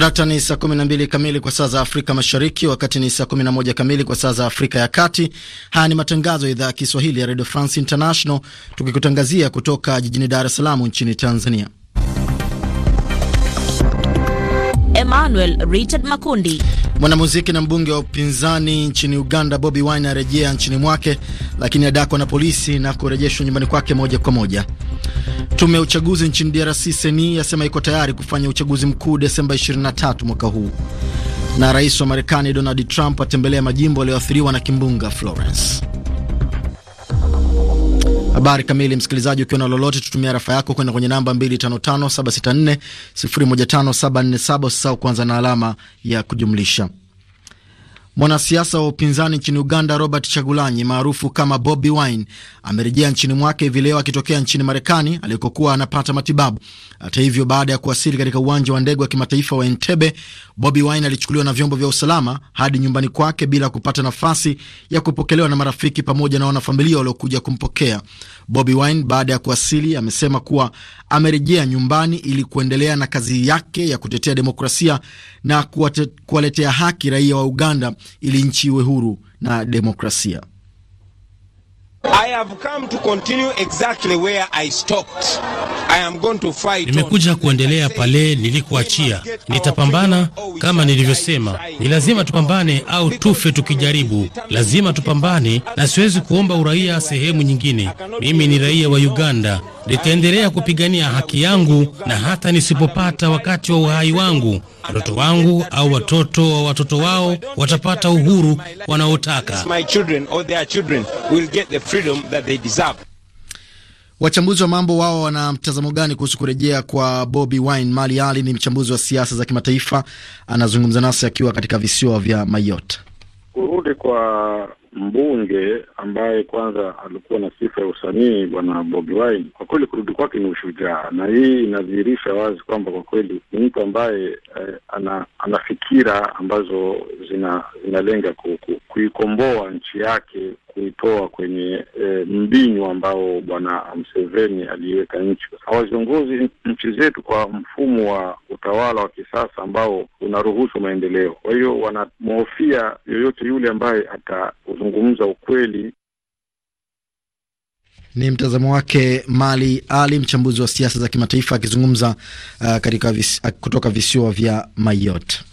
Swadakta ni saa 12 kamili kwa saa za Afrika Mashariki, wakati ni saa 11 kamili kwa saa za Afrika ya Kati. Haya ni matangazo ya idhaa ya Kiswahili ya Radio France International, tukikutangazia kutoka jijini Dar es Salaam nchini Tanzania. Emmanuel Richard Makundi. Mwanamuziki na mbunge wa upinzani nchini Uganda Bobi Wine arejea nchini mwake, lakini adakwa na polisi na kurejeshwa nyumbani kwake moja kwa moja. Tume ya uchaguzi nchini DRC seni yasema iko tayari kufanya uchaguzi mkuu Desemba 23 mwaka huu. Na rais wa Marekani Donald Trump atembelea majimbo yaliyoathiriwa na kimbunga Florence. Habari kamili, msikilizaji, ukiwa na lolote, tutumia rafa yako kwenda kwenye namba 255764015747. Usisahau kuanza na alama ya kujumlisha. Mwanasiasa wa upinzani nchini Uganda Robert Chagulanyi maarufu kama Bobi Wine amerejea nchini mwake hivi leo akitokea nchini Marekani alikokuwa anapata matibabu. Hata hivyo, baada ya kuwasili katika uwanja wa ndege wa kimataifa wa Entebbe, Bobi Wine alichukuliwa na vyombo vya usalama hadi nyumbani kwake bila kupata nafasi ya kupokelewa na marafiki pamoja na wanafamilia waliokuja kumpokea. Bobi Wine baada ya kuwasili amesema kuwa amerejea nyumbani ili kuendelea na kazi yake ya kutetea demokrasia na kuwaletea haki raia wa Uganda ili nchi iwe huru na demokrasia. Nimekuja kuendelea pale nilikuachia. Nitapambana kama nilivyosema, ni lazima tupambane au tufe tukijaribu. Lazima tupambane, na siwezi kuomba uraia sehemu nyingine. Mimi ni raia wa Uganda nitaendelea kupigania haki yangu, na hata nisipopata wakati wa uhai wangu, watoto wangu au watoto wa watoto wao watapata uhuru wanaotaka. Wachambuzi wa mambo wao wana mtazamo gani kuhusu kurejea kwa Bobi Wine? Mali Ali ni mchambuzi wa siasa za kimataifa, anazungumza nasi akiwa katika visiwa vya Mayotte. Kurudi kwa mbunge ambaye kwanza alikuwa na sifa ya usanii, bwana Bobi Wine, kwa kweli kurudi kwake ni ushujaa, na hii inadhihirisha wazi kwamba kwa kweli ni mtu ambaye eh, ana, ana fikira ambazo zina zinalenga kuikomboa nchi yake kuitoa kwenye e, eh, mbinywa ambao bwana Mseveni aliiweka nchi. Hawaziongozi nchi zetu kwa mfumo wa utawala wa kisasa ambao unaruhusu maendeleo. Kwa hiyo wanamhofia yoyote yule ambaye ata kuzungumza ukweli. Ni mtazamo wake Mali Ali, mchambuzi wa siasa za kimataifa akizungumza uh, katika vis, kutoka visiwa vya Mayotte.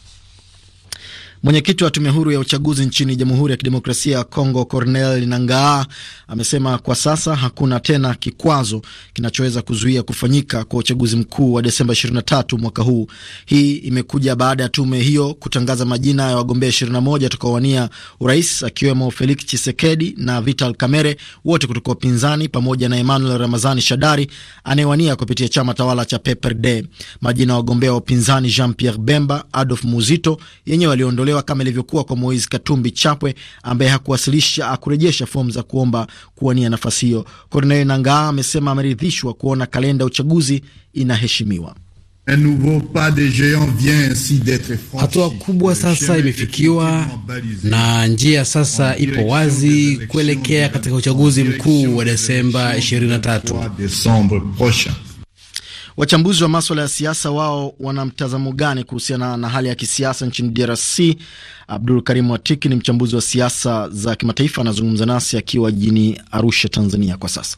Mwenyekiti wa tume huru ya uchaguzi nchini Jamhuri ya Kidemokrasia ya Kongo, Cornel Nangaa, amesema kwa sasa hakuna tena kikwazo kinachoweza kuzuia kufanyika kwa uchaguzi mkuu wa Desemba 23 mwaka huu. Hii imekuja baada ya tume hiyo kutangaza majina ya wagombea 21 watakaowania urais, akiwemo Felix Chisekedi na Vital Kamere, wote kutoka upinzani, pamoja na Emmanuel Ramazani Shadari anayewania kupitia chama tawala cha PPRD. Majina ya wagombea wa upinzani Jean Pierre Bemba, Adolf Muzito yenyewe waliondolewa kuondolewa kama ilivyokuwa kwa Moise Katumbi Chapwe ambaye hakuwasilisha kurejesha fomu za kuomba kuwania nafasi hiyo. Corneille Nangaa amesema ameridhishwa kuona kalenda ya uchaguzi inaheshimiwa. Hatua kubwa sasa imefikiwa na njia sasa ipo wazi kuelekea katika uchaguzi mkuu wa Desemba 23. Wachambuzi wa maswala ya siasa wao wana mtazamo gani kuhusiana na hali ya kisiasa nchini DRC? Abdul karimu Watiki ni mchambuzi wa siasa za kimataifa, anazungumza nasi akiwa jijini Arusha, Tanzania. Kwa sasa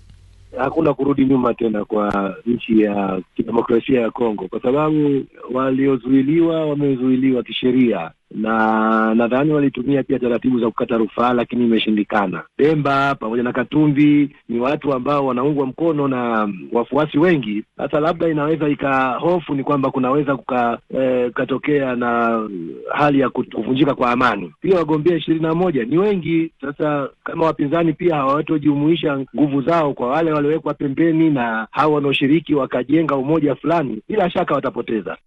hakuna kurudi nyuma tena kwa nchi ya kidemokrasia ya Kongo, kwa sababu waliozuiliwa wamezuiliwa kisheria na nadhani walitumia pia taratibu za kukata rufaa, lakini imeshindikana. Pemba pamoja na Katumbi ni watu ambao wanaungwa mkono na wafuasi wengi. Sasa labda inaweza ikahofu ni kwamba kunaweza eh, kukatokea eh, na hali ya kuvunjika kwa amani. Pia wagombea ishirini na moja ni wengi. Sasa kama wapinzani pia hawatojumuisha nguvu zao kwa wale waliowekwa pembeni na hao wanaoshiriki wakajenga umoja fulani, bila shaka watapoteza.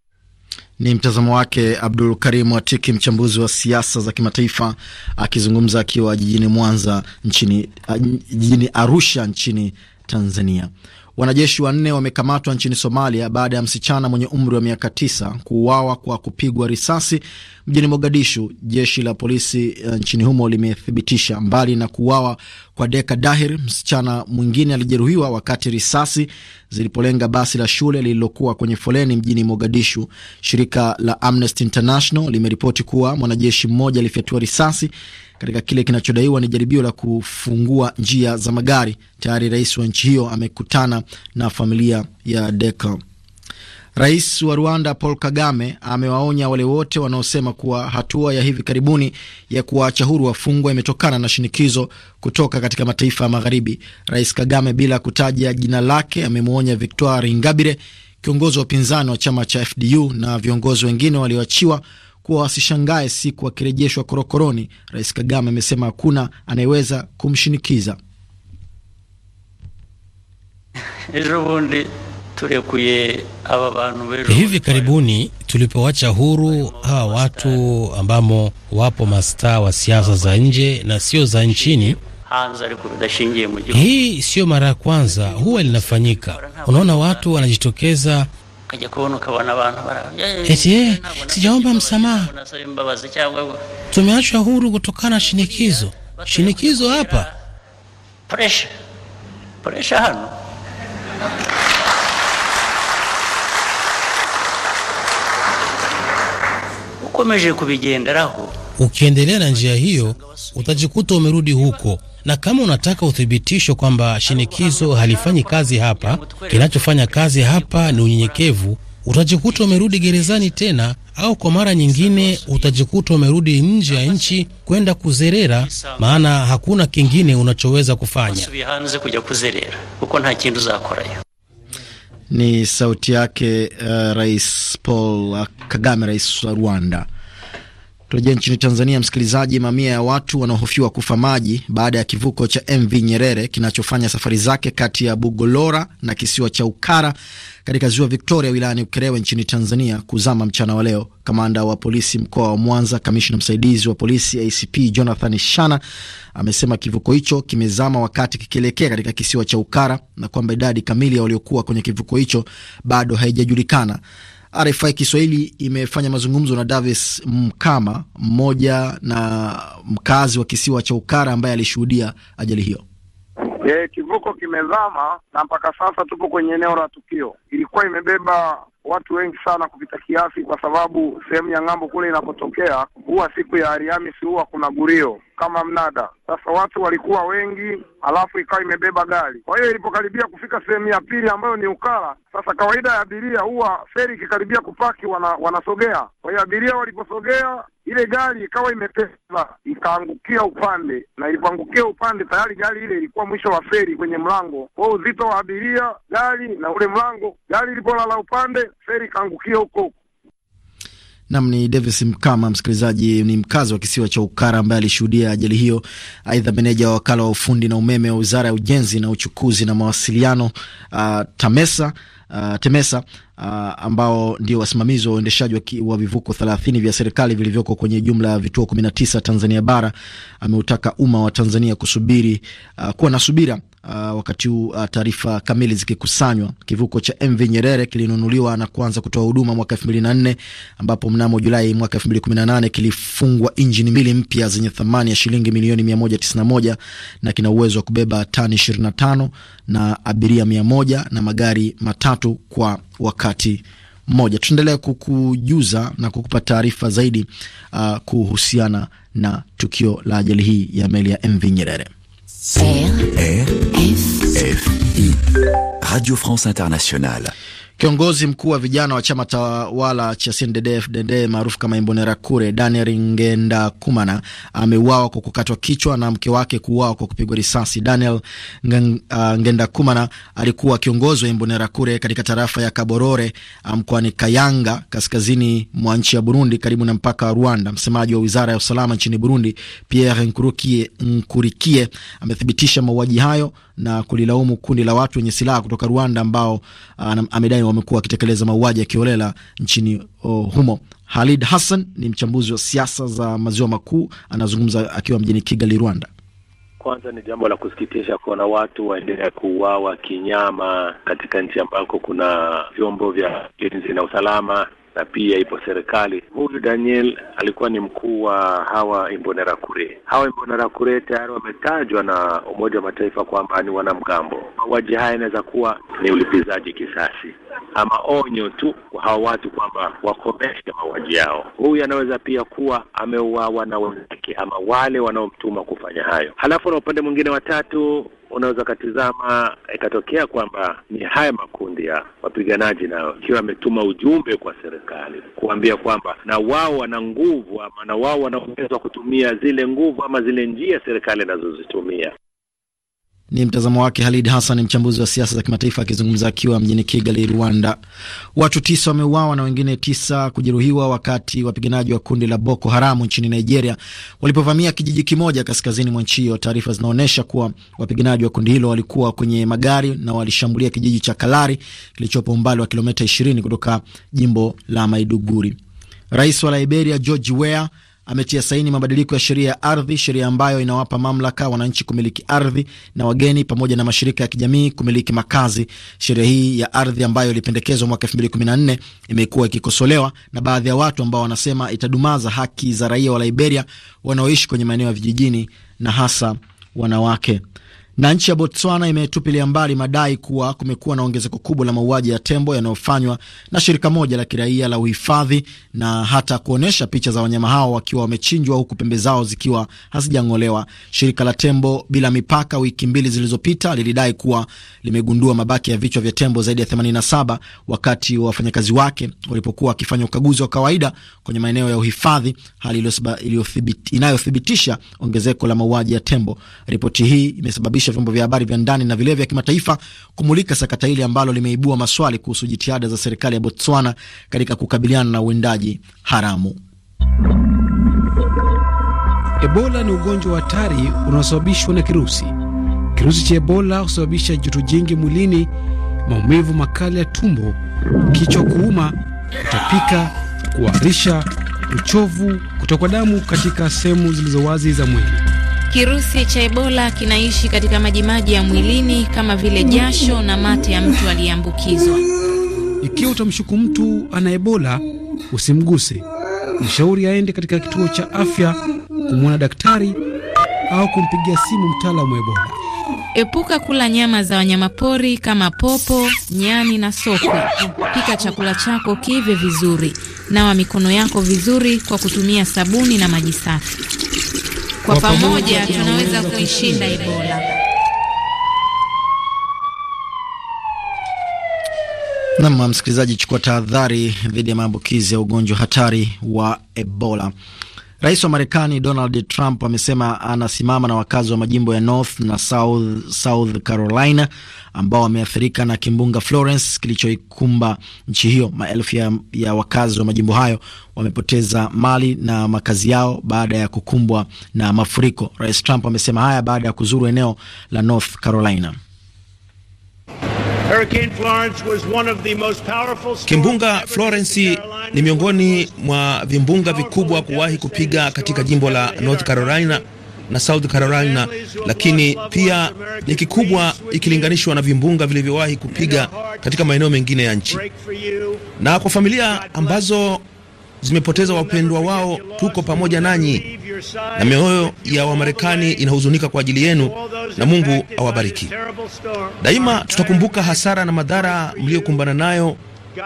Ni mtazamo wake Abdul Karim atiki mchambuzi wa siasa za kimataifa, akizungumza akiwa jijini Mwanza nchini, jijini Arusha nchini Tanzania. Wanajeshi wanne wamekamatwa nchini Somalia baada ya msichana mwenye umri wa miaka tisa kuuawa kwa kupigwa risasi mjini Mogadishu. Jeshi la polisi nchini humo limethibitisha mbali na kuuawa kwa Deka Dahir. Msichana mwingine alijeruhiwa wakati risasi zilipolenga basi la shule lililokuwa kwenye foleni mjini Mogadishu. Shirika la Amnesty International limeripoti kuwa mwanajeshi mmoja alifyatua risasi katika kile kinachodaiwa ni jaribio la kufungua njia za magari. Tayari rais wa nchi hiyo amekutana na familia ya Deka. Rais wa Rwanda Paul Kagame amewaonya wale wote wanaosema kuwa hatua ya hivi karibuni ya kuwaacha huru wafungwa imetokana na shinikizo kutoka katika mataifa ya magharibi. Rais Kagame, bila kutaja jina lake, amemwonya Victoire Ingabire, kiongozi wa upinzani wa chama cha FDU na viongozi wengine walioachiwa kuwa wasishangae siku wakirejeshwa korokoroni. Rais Kagame amesema hakuna anayeweza kumshinikiza. Hivi karibuni tulipowacha huru hawa watu ambamo wapo mastaa wa siasa za nje na sio za nchini. Hii siyo mara ya kwanza, huwa linafanyika. Unaona, watu wanajitokeza eti sijaomba msamaha, tumeachwa huru kutokana na shinikizo. Shinikizo hapa, presha, presha hano ukomeje kubigenderaho. Ukiendelea na njia hiyo utajikuta umerudi huko, na kama unataka uthibitisho kwamba shinikizo halifanyi kazi hapa, kinachofanya kazi hapa ni unyenyekevu, utajikuta umerudi gerezani tena, au kwa mara nyingine utajikuta umerudi nje ya nchi kwenda kuzerera, maana hakuna kingine unachoweza kufanya. Ni sauti yake uh, Rais Paul ah, Kagame, rais wa Rwanda. Turejea nchini Tanzania, msikilizaji. Mamia ya watu wanaohofiwa kufa maji baada ya kivuko cha MV Nyerere kinachofanya safari zake kati ya Bugolora na kisiwa cha Ukara katika ziwa Victoria wilayani Ukerewe nchini Tanzania kuzama mchana wa leo. Kamanda wa polisi mkoa wa Mwanza, kamishna msaidizi wa polisi ACP Jonathan Shana amesema kivuko hicho kimezama wakati kikielekea katika kisiwa cha Ukara na kwamba idadi kamili ya waliokuwa kwenye kivuko hicho bado haijajulikana. RFI Kiswahili imefanya mazungumzo na Davis Mkama, mmoja na mkazi wa kisiwa cha Ukara ambaye alishuhudia ajali hiyo. E, kivuko kimezama na mpaka sasa tupo kwenye eneo la tukio. Ilikuwa imebeba watu wengi sana kupita kiasi, kwa sababu sehemu ya ng'ambo kule inapotokea huwa siku ya Alhamisi huwa kuna gurio kama mnada. Sasa watu walikuwa wengi, alafu ikawa imebeba gari. Kwa hiyo ilipokaribia kufika sehemu ya pili ambayo ni Ukala, sasa kawaida ya abiria huwa feri ikikaribia kupaki wana, wanasogea. Kwa hiyo abiria waliposogea ile gari ikawa imepesa ikaangukia upande, na ilipoangukia upande tayari gari ile ilikuwa mwisho wa feri kwenye mlango. Kwa uzito wa abiria, gari na ule mlango, gari ilipolala upande, feri ikaangukia huko huko. Nam ni Davis Mkama, msikilizaji, ni mkazi wa kisiwa cha Ukara ambaye alishuhudia ajali hiyo. Aidha, meneja wa wakala wa ufundi na umeme wa wizara ya ujenzi na uchukuzi na mawasiliano uh, TAMESA Uh, TEMESA uh, ambao ndio wasimamizi wa uendeshaji wa vivuko 30 vya serikali vilivyoko kwenye jumla ya vituo 19 Tanzania bara, ameutaka umma wa Tanzania kusubiri uh, kuwa na subira uh, wakati huu uh, taarifa kamili zikikusanywa. Kivuko cha MV Nyerere kilinunuliwa na kuanza kutoa huduma mwaka 2004 ambapo mnamo Julai mwaka 2018 kilifungwa injini mbili mpya zenye thamani ya shilingi milioni 191 na kina uwezo wa kubeba tani 25 na abiria 100 na magari matatu kwa wakati moja. Tutaendelea kukujuza na kukupa taarifa zaidi uh, kuhusiana na tukio la ajali hii ya meli ya MV Nyerere. R, F, F, I. Radio France Internationale. Kiongozi mkuu wa vijana wa chama tawala cha CNDD-FDD maarufu kama Imbonerakure, Daniel Kumana ameuawa kwa kukatwa kichwa na mke wake kuuawa kwa kupigwa risasi. Daniel uh, ngenda kumana alikuwa kiongozi wa Imbonerakure katika tarafa ya Kaborore uh, mkoani Kayanga, kaskazini mwa nchi ya Burundi, karibu na mpaka wa Rwanda. Msemaji wa wizara ya usalama nchini Burundi, Pierre Nkurikie amethibitisha mauaji hayo na kulilaumu kundi la watu wenye silaha kutoka Rwanda ambao uh, amedai wamekuwa wakitekeleza mauaji ya kiolela nchini uh, humo. Halid Hassan ni mchambuzi wa siasa za maziwa makuu, anazungumza akiwa mjini Kigali, Rwanda. Kwanza ni jambo la kusikitisha kuona watu waendelea kuuawa kinyama katika nchi ambako kuna vyombo vya ulinzi na usalama na pia ipo serikali. Huyu Daniel alikuwa ni mkuu wa hawa Imbonerakure. Hawa Imbonerakure tayari wametajwa na Umoja wa Mataifa kwamba ni wanamgambo. Mauaji haya inaweza kuwa ni ulipizaji kisasi ama onyo tu kwa hawa watu kwamba wakomeshe mauaji yao. Huyu anaweza pia kuwa ameuawa na wenzake ama wale wanaomtuma kufanya hayo. Halafu na upande mwingine, watatu unaweza ukatizama ikatokea kwamba ni haya makundi ya wapiganaji nayo ikiwa ametuma ujumbe kwa serikali kuambia kwamba na wao wana nguvu ama na wao wana uwezo wa kutumia zile nguvu ama zile njia serikali inazozitumia. Ni mtazamo wake Halid Hassan, mchambuzi wa siasa za kimataifa, akizungumza akiwa mjini Kigali, Rwanda. Watu tisa wameuawa na wengine tisa kujeruhiwa wakati wapiganaji wa kundi la Boko Haramu nchini Nigeria walipovamia kijiji kimoja kaskazini mwa nchi hiyo. Taarifa zinaonyesha kuwa wapiganaji wa kundi hilo walikuwa kwenye magari na walishambulia kijiji cha Kalari kilichopo umbali wa kilomita 20 kutoka jimbo la Maiduguri. Rais wa Liberia George Weah ametia saini mabadiliko ya sheria ya ardhi, sheria ambayo inawapa mamlaka wananchi kumiliki ardhi na wageni pamoja na mashirika ya kijamii kumiliki makazi. Sheria hii ya ardhi ambayo ilipendekezwa mwaka 2014 imekuwa ikikosolewa na baadhi ya watu ambao wanasema itadumaza haki za raia wa Liberia wanaoishi kwenye maeneo ya vijijini na hasa wanawake. Na nchi ya Botswana imetupilia mbali madai kuwa kumekuwa na ongezeko kubwa la mauaji ya tembo yanayofanywa na shirika moja la kiraia la uhifadhi na hata kuonyesha picha za wanyama hao wakiwa wamechinjwa huku pembe zao zikiwa hazijang'olewa. Shirika la Tembo Bila Mipaka wiki mbili zilizopita lilidai kuwa limegundua mabaki ya vichwa vya tembo zaidi ya 87 wakati wa wafanyakazi wake walipokuwa wakifanya ukaguzi wa kawaida kwenye maeneo ya uhifadhi, hali inayothibitisha ongezeko la mauaji ya tembo. Ripoti hii imesababisha kushirikisha vyombo vya habari vya ndani na vile vya kimataifa kumulika sakata hili ambalo limeibua maswali kuhusu jitihada za serikali ya Botswana katika kukabiliana na uwindaji haramu. Ebola ni ugonjwa wa hatari unaosababishwa na kirusi. Kirusi cha Ebola husababisha joto jingi mwilini, maumivu makali ya tumbo, kichwa kuuma, kutapika, kuharisha, uchovu, kutokwa damu katika sehemu zilizo wazi za mwili. Kirusi cha Ebola kinaishi katika majimaji ya mwilini kama vile jasho na mate ya mtu aliyeambukizwa. Ikiwa utamshuku mtu ana Ebola, usimguse. Mshauri aende katika kituo cha afya kumwona daktari au kumpigia simu mtaalamu wa Ebola. Epuka kula nyama za wanyamapori kama popo, nyani na sokwe. Pika chakula chako kive vizuri. Nawa mikono yako vizuri kwa kutumia sabuni na maji safi. Kwa pamoja tunaweza kuishinda Ebola. Nam msikilizaji, chukua tahadhari dhidi ya maambukizi ya ugonjwa hatari wa Ebola. Rais wa Marekani Donald Trump amesema anasimama na wakazi wa majimbo ya North na South, South Carolina ambao wameathirika na kimbunga Florence kilichoikumba nchi hiyo. Maelfu ya, ya wakazi wa majimbo hayo wamepoteza mali na makazi yao baada ya kukumbwa na mafuriko. Rais Trump amesema haya baada ya kuzuru eneo la North Carolina. Kimbunga Florence ni miongoni mwa vimbunga vikubwa kuwahi kupiga katika jimbo la North Carolina na South Carolina, lakini pia ni kikubwa ikilinganishwa na vimbunga vilivyowahi kupiga katika maeneo mengine ya nchi. Na kwa familia ambazo zimepoteza wapendwa wao, tuko pamoja nanyi na mioyo ya Wamarekani inahuzunika kwa ajili yenu, na Mungu awabariki daima. Tutakumbuka hasara na madhara mliyokumbana nayo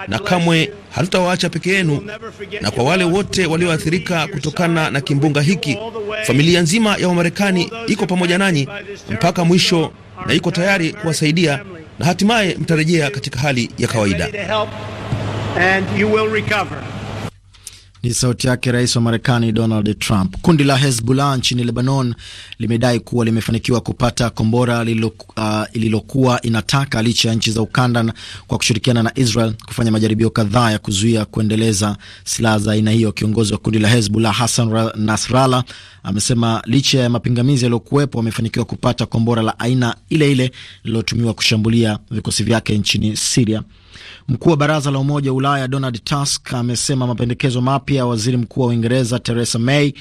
na kamwe hatutawaacha peke yenu. Na kwa wale wote walioathirika kutokana na kimbunga hiki, familia nzima ya Wamarekani iko pamoja nanyi mpaka mwisho na iko tayari kuwasaidia, na hatimaye mtarejea katika hali ya kawaida. Ni sauti yake rais wa Marekani Donald Trump. Kundi la Hezbollah nchini Lebanon limedai kuwa limefanikiwa kupata kombora uh, ililokuwa uh, inataka licha ya nchi za ukanda kwa kushirikiana na Israel kufanya majaribio kadhaa ya kuzuia kuendeleza silaha za aina hiyo. Kiongozi wa kundi la Hezbollah Hassan Nasrallah amesema licha ya mapingamizi yaliyokuwepo, wamefanikiwa kupata kombora la aina ile ile lililotumiwa kushambulia vikosi vyake nchini Siria. Mkuu wa baraza la Umoja wa Ulaya Donald Tusk amesema mapendekezo mapya ya waziri mkuu wa Uingereza Theresa May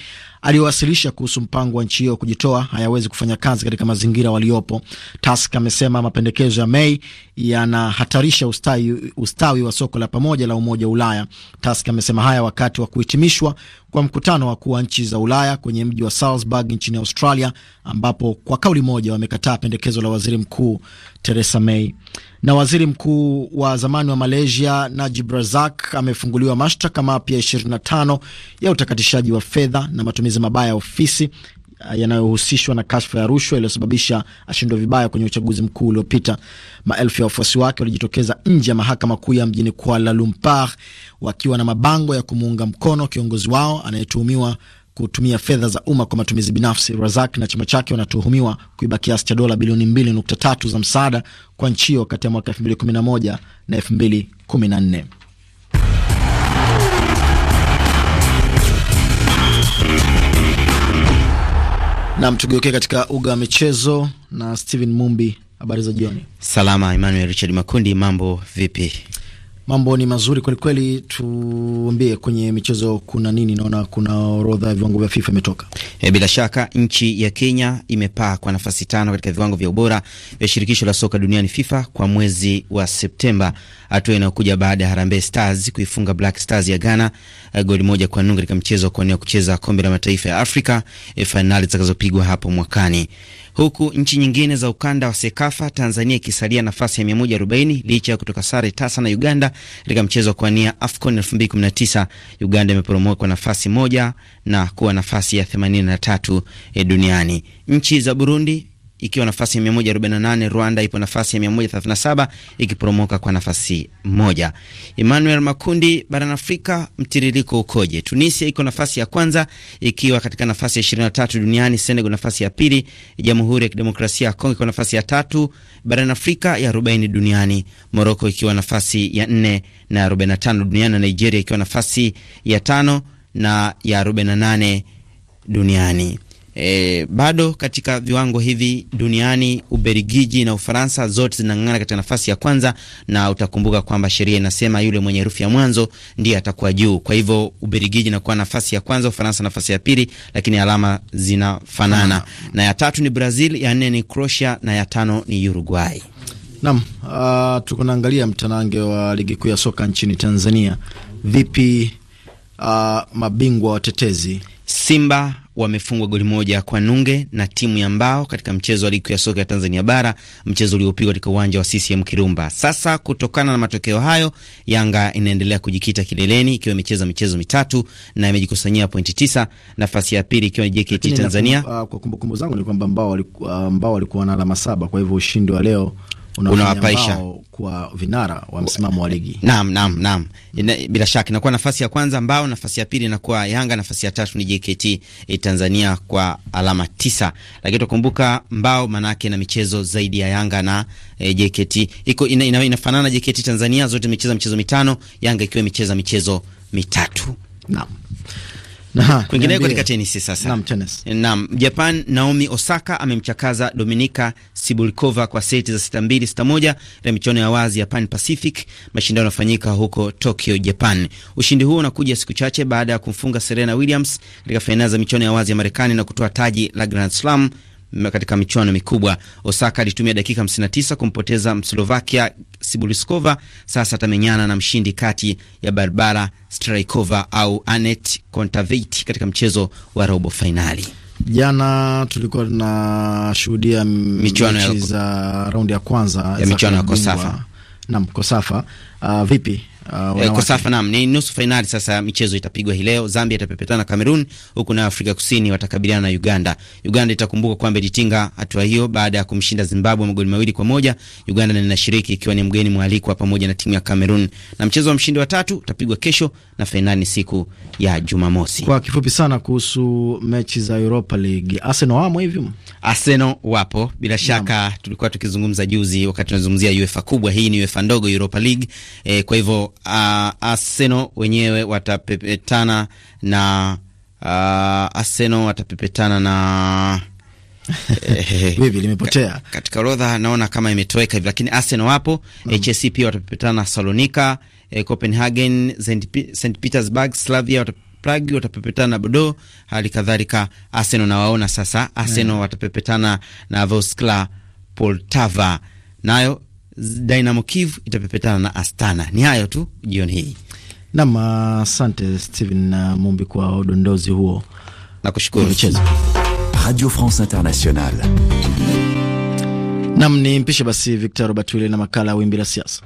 aliyowasilisha kuhusu mpango wa nchi hiyo kujitoa hayawezi kufanya kazi katika mazingira waliopo. Tusk amesema mapendekezo ya Mei yanahatarisha ustawi, ustawi wa soko la pamoja la Umoja wa Ulaya. Tusk amesema haya wakati wa kuhitimishwa kwa mkutano wakuu wa nchi za Ulaya kwenye mji wa Salzburg nchini Australia, ambapo kwa kauli moja wamekataa pendekezo la waziri mkuu Theresa May. Na waziri mkuu wa zamani wa Malaysia Najib Razak amefunguliwa mashtaka mapya 25 ya utakatishaji wa fedha na matumizi matumizi mabaya ya ofisi uh, yanayohusishwa na kashfa ya rushwa iliyosababisha ashindwe vibaya kwenye uchaguzi mkuu uliopita. Maelfu ya wafuasi wake walijitokeza nje ya mahakama kuu ya mjini Kuala Lumpur wakiwa na mabango ya kumuunga mkono kiongozi wao anayetuhumiwa kutumia fedha za umma kwa matumizi binafsi. Razak na chama chake wanatuhumiwa kuiba kiasi cha dola bilioni 2.3 za msaada kwa nchi hiyo kati ya mwaka 2011 na 2014. Nam, tugeukee katika uga wa michezo na Steven Mumbi. Habari za jioni. Salama Emmanuel Richard Makundi, mambo vipi? Mambo ni mazuri kwelikweli. Tuambie, kwenye michezo kuna nini? Naona kuna orodha ya viwango vya FIFA imetoka. E, bila shaka nchi ya Kenya imepaa kwa nafasi tano katika viwango vya ubora vya shirikisho la soka duniani FIFA kwa mwezi wa Septemba hatua inayokuja baada ya Harambee Stars kuifunga Black Stars ya Ghana eh, goli moja kwa nunge katika mchezo wa kuwania kucheza kombe la mataifa ya Afrika eh, fainali zitakazopigwa hapo mwakani. Huku nchi nyingine za ukanda wa Sekafa, Tanzania ikisalia nafasi ya 140 licha ya kutoka sare tasa na Uganda katika mchezo wa kuania AFCON 2019. Uganda imeporomoka kwa nafasi moja na kuwa nafasi ya 83 eh, duniani. Nchi za Burundi ikiwa nafasi ya 148. Rwanda ipo nafasi ya 137 ikiporomoka kwa nafasi moja. Emmanuel Makundi, barani Afrika mtiririko ukoje? Tunisia iko nafasi ya kwanza ikiwa katika nafasi ya 23 duniani, Senegal nafasi ya pili, Jamhuri ya Kidemokrasia ya Kongo iko nafasi ya tatu barani Afrika ya 40 duniani, Morocco ikiwa nafasi ya 4 na 45 duniani na Nigeria ikiwa nafasi ya tano na ya 48 duniani. E, bado katika viwango hivi duniani uberigiji na Ufaransa zote zinang'ang'ana katika nafasi ya kwanza, na utakumbuka kwamba sheria inasema yule mwenye herufi ya mwanzo ndiye atakuwa juu. Kwa hivyo uberigiji inakuwa nafasi ya kwanza, Ufaransa nafasi ya pili, lakini alama zinafanana. Na ya tatu ni Brazil, ya nne ni Croatia na ya tano ni Uruguay. Naam, uh, ah, tukunaangalia mtanange wa ligi kuu ya soka nchini Tanzania. Vipi uh, mabingwa watetezi Simba wamefungwa goli moja kwa nunge na timu ya Mbao katika mchezo wa ligi ya soka ya Tanzania Bara, mchezo uliopigwa katika uwanja wa CCM Kirumba. Sasa kutokana na matokeo hayo, Yanga inaendelea kujikita kileleni ikiwa imecheza michezo mitatu na imejikusanyia pointi tisa, nafasi ya pili ikiwa ni JKT Tanzania. Ah, kwa kumbukumbu zangu ni kwamba ah, Mbao walikuwa na alama saba, kwa hivyo ushindi wa leo unawapaisha kwa vinara wa msimamo wa ligi. Naam, naam, naam. Ina, bila shaka inakuwa nafasi ya kwanza mbao nafasi ya pili inakuwa Yanga, nafasi ya tatu ni JKT eh, Tanzania kwa alama tisa, lakini tukumbuka mbao manake na michezo zaidi ya Yanga na e, eh, JKT iko ina, ina, inafanana JKT Tanzania zote imecheza michezo mitano, Yanga ikiwa imecheza michezo mitatu. Naam. Kwingineko katika tenisi sasa. Naam, tennis. Naam, Japan Naomi Osaka amemchakaza Dominika Sibulkova kwa seti za sita mbili sita moja katika michuano ya wazi ya Pan Pacific, mashindano yanafanyika huko Tokyo, Japan. Ushindi huo unakuja siku chache baada ya kumfunga Serena Williams katika fainali za michuano ya wazi ya Marekani na kutoa taji la Grand Slam katika michuano mikubwa. Osaka alitumia dakika 59 kumpoteza Mslovakia Sibuliskova. Sasa atamenyana na mshindi kati ya Barbara Straikova au Anet Kontaveit katika mchezo wa robo fainali. Jana tulikuwa tunashuhudia michuano za raundi ya kwanza ya michuano ya Kosafa. Naam, Kosafa. Uh, vipi uh, eh, Kosafa naam, ni nusu fainali sasa. Michezo itapigwa hii leo, Zambia itapepetana na Kamerun, huku na Afrika Kusini watakabiliana na Uganda. Uganda itakumbuka kwamba ilitinga hatua hiyo baada ya kumshinda Zimbabwe magoli mawili kwa moja. Uganda inashiriki ikiwa ni mgeni mwalikwa pamoja na timu ya Kamerun, na mchezo wa mshindi wa tatu utapigwa kesho na fainali siku ya Jumamosi. Kwa kifupi sana kuhusu mechi za Europa League, Arsenal wamo hivyo, Arsenal wapo bila shaka naam. Tulikuwa tukizungumza juzi wakati tunazungumzia UEFA kubwa, hii ni UEFA ndogo Europa League. E, kwa hivyo uh, Arsenal wenyewe watapepetana na uh, Arsenal watapepetana na Bibi limepotea katika orodha, naona kama imetoweka hivi, lakini Arsenal wapo mm. HSC pia watapepetana na Salonika eh, Copenhagen, St Petersburg, Slavia watap Prague watapepetana na Bordeaux, hali kadhalika Arsenal nawaona sasa. Arsenal yeah. watapepetana na Vosklar Poltava nayo Dynamo Kiev itapepetana na Astana. Ni hayo tu jioni hii. Nam, asante Steven na Mumbi kwa udondozi huo na kushukuru mchezo. Radio France Internationale. Nam ni mpishe basi Victor Robert Wile na makala ya wimbi la siasa.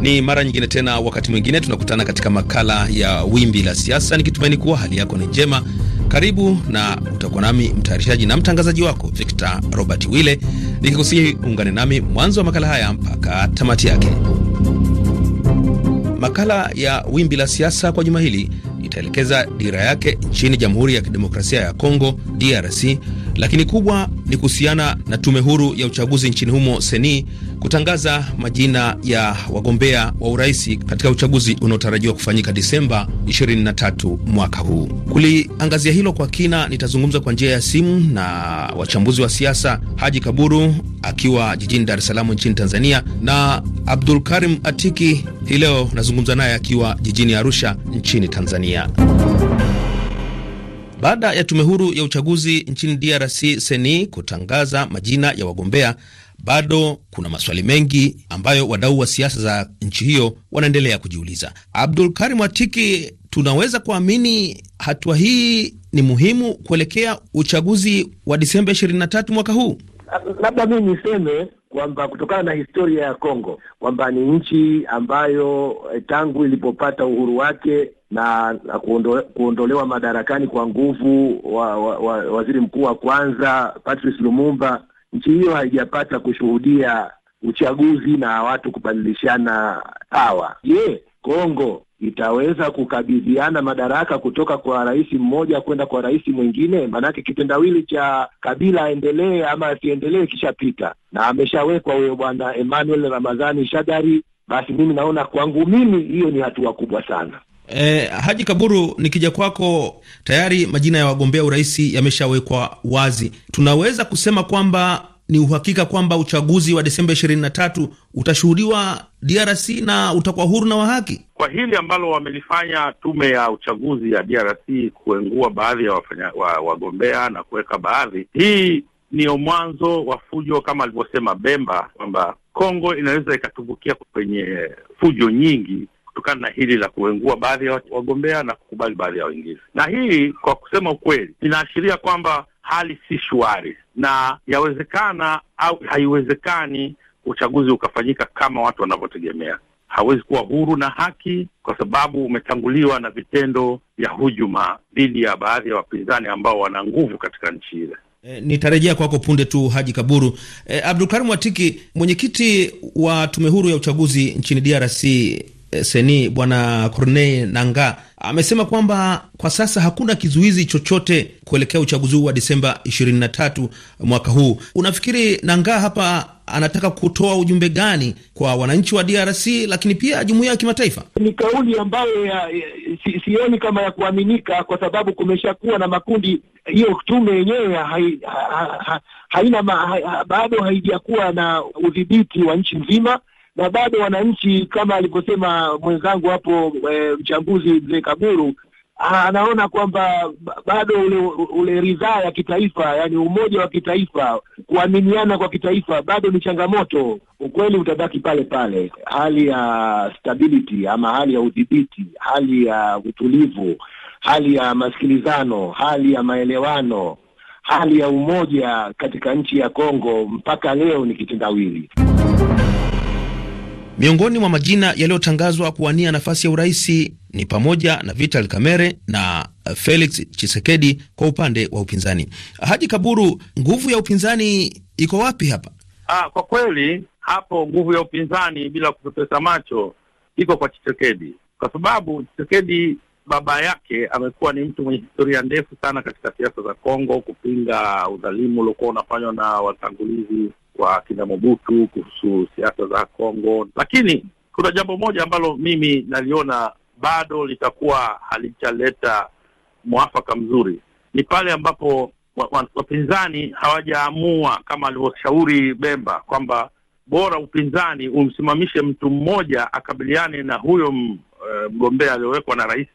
Ni mara nyingine tena, wakati mwingine tunakutana katika makala ya wimbi la siasa, nikitumaini kuwa hali yako ni njema karibu na utakuwa nami mtayarishaji na mtangazaji wako Victor Robert Wille, nikikusihi uungane nami mwanzo wa makala haya mpaka tamati yake. Makala ya Wimbi la Siasa kwa juma hili itaelekeza dira yake nchini Jamhuri ya Kidemokrasia ya Kongo, DRC, lakini kubwa ni kuhusiana na tume huru ya uchaguzi nchini humo seni kutangaza majina ya wagombea wa urais katika uchaguzi unaotarajiwa kufanyika Disemba 23 mwaka huu. Kuliangazia hilo kwa kina, nitazungumza kwa njia ya simu na wachambuzi wa siasa Haji Kaburu akiwa jijini Dar es Salaam nchini Tanzania na Abdul Karim Atiki, hii leo nazungumza naye akiwa jijini Arusha nchini Tanzania. Tanzania. Baada ya tume huru ya uchaguzi nchini DRC seni kutangaza majina ya wagombea, bado kuna maswali mengi ambayo wadau wa siasa za nchi hiyo wanaendelea kujiuliza. Abdul Karim Atiki, tunaweza kuamini hatua hii ni muhimu kuelekea uchaguzi wa Disemba 23 mwaka huu? Labda mii niseme kwamba kutokana na historia ya Kongo kwamba ni nchi ambayo eh, tangu ilipopata uhuru wake na, na kuondolewa madarakani kwa nguvu wa, wa, wa, waziri mkuu wa kwanza Patrice Lumumba, nchi hiyo haijapata kushuhudia uchaguzi na watu kubadilishana hawa. Je, Kongo itaweza kukabidhiana madaraka kutoka kwa rais mmoja kwenda kwa rais mwingine? Maanake kitendawili cha Kabila aendelee ama asiendelee kishapita na ameshawekwa huyo bwana Emmanuel Ramadhani Shadari. Basi mimi naona kwangu mimi hiyo ni hatua kubwa sana. E, Haji Kaburu, nikija kwako, tayari majina ya wagombea urais yameshawekwa wazi. Tunaweza kusema kwamba ni uhakika kwamba uchaguzi wa Desemba 23 utashuhudiwa DRC na utakuwa huru na wa haki. Kwa hili ambalo wamelifanya tume ya uchaguzi ya DRC kuengua baadhi ya wafanya, wa, wagombea na kuweka baadhi, hii niyo mwanzo wa fujo kama alivyosema Bemba kwamba Kongo inaweza ikatumbukia kwenye fujo nyingi kutokana na hili la kuengua baadhi ya wagombea na kukubali baadhi ya wengine. Na hii kwa kusema ukweli, inaashiria kwamba hali si shwari na yawezekana au haiwezekani uchaguzi ukafanyika kama watu wanavyotegemea. Hawezi kuwa huru na haki, kwa sababu umetanguliwa na vitendo vya hujuma dhidi ya baadhi ya wapinzani ambao wana nguvu katika nchi ile. E, nitarejea kwako punde tu Haji Kaburu. E, Abdulkarim Watiki, mwenyekiti wa tume huru ya uchaguzi nchini DRC Eh, seni Bwana Corneille nanga amesema kwamba kwa sasa hakuna kizuizi chochote kuelekea uchaguzi huu wa Disemba 23 mwaka huu. Unafikiri Nangaa hapa anataka kutoa ujumbe gani kwa wananchi wa DRC, lakini pia jumuiya ya kimataifa? Ni kauli ambayo si, sioni kama ya kuaminika kwa sababu kumeshakuwa na makundi. Hiyo tume yenyewe haina bado haijakuwa na udhibiti wa nchi nzima na bado wananchi, kama alivyosema mwenzangu hapo e, mchambuzi mzee Kaburu ah, anaona kwamba bado ule, ule ridhaa ya kitaifa, yani umoja wa kitaifa, kuaminiana kwa kitaifa bado ni changamoto. Ukweli utabaki pale pale, hali ya stability ama hali ya udhibiti, hali ya utulivu, hali ya masikilizano, hali ya maelewano, hali ya umoja katika nchi ya Kongo mpaka leo ni kitendawili. Miongoni mwa majina yaliyotangazwa kuwania nafasi ya uraisi ni pamoja na Vital Kamerhe na uh, Felix Tshisekedi kwa upande wa upinzani. Haji Kaburu, nguvu ya upinzani iko wapi hapa? Ah, kwa kweli hapo nguvu ya upinzani bila kupepesa macho iko kwa Tshisekedi, kwa sababu Tshisekedi baba yake amekuwa ni mtu mwenye historia ndefu sana katika siasa za Kongo, kupinga udhalimu uliokuwa unafanywa na watangulizi wa kina Mobutu kuhusu siasa za Kongo, lakini kuna jambo moja ambalo mimi naliona bado litakuwa halijaleta mwafaka mzuri, ni pale ambapo wapinzani hawajaamua kama alivyoshauri Bemba kwamba bora upinzani umsimamishe mtu mmoja akabiliane na huyo e, mgombea aliyowekwa na rais.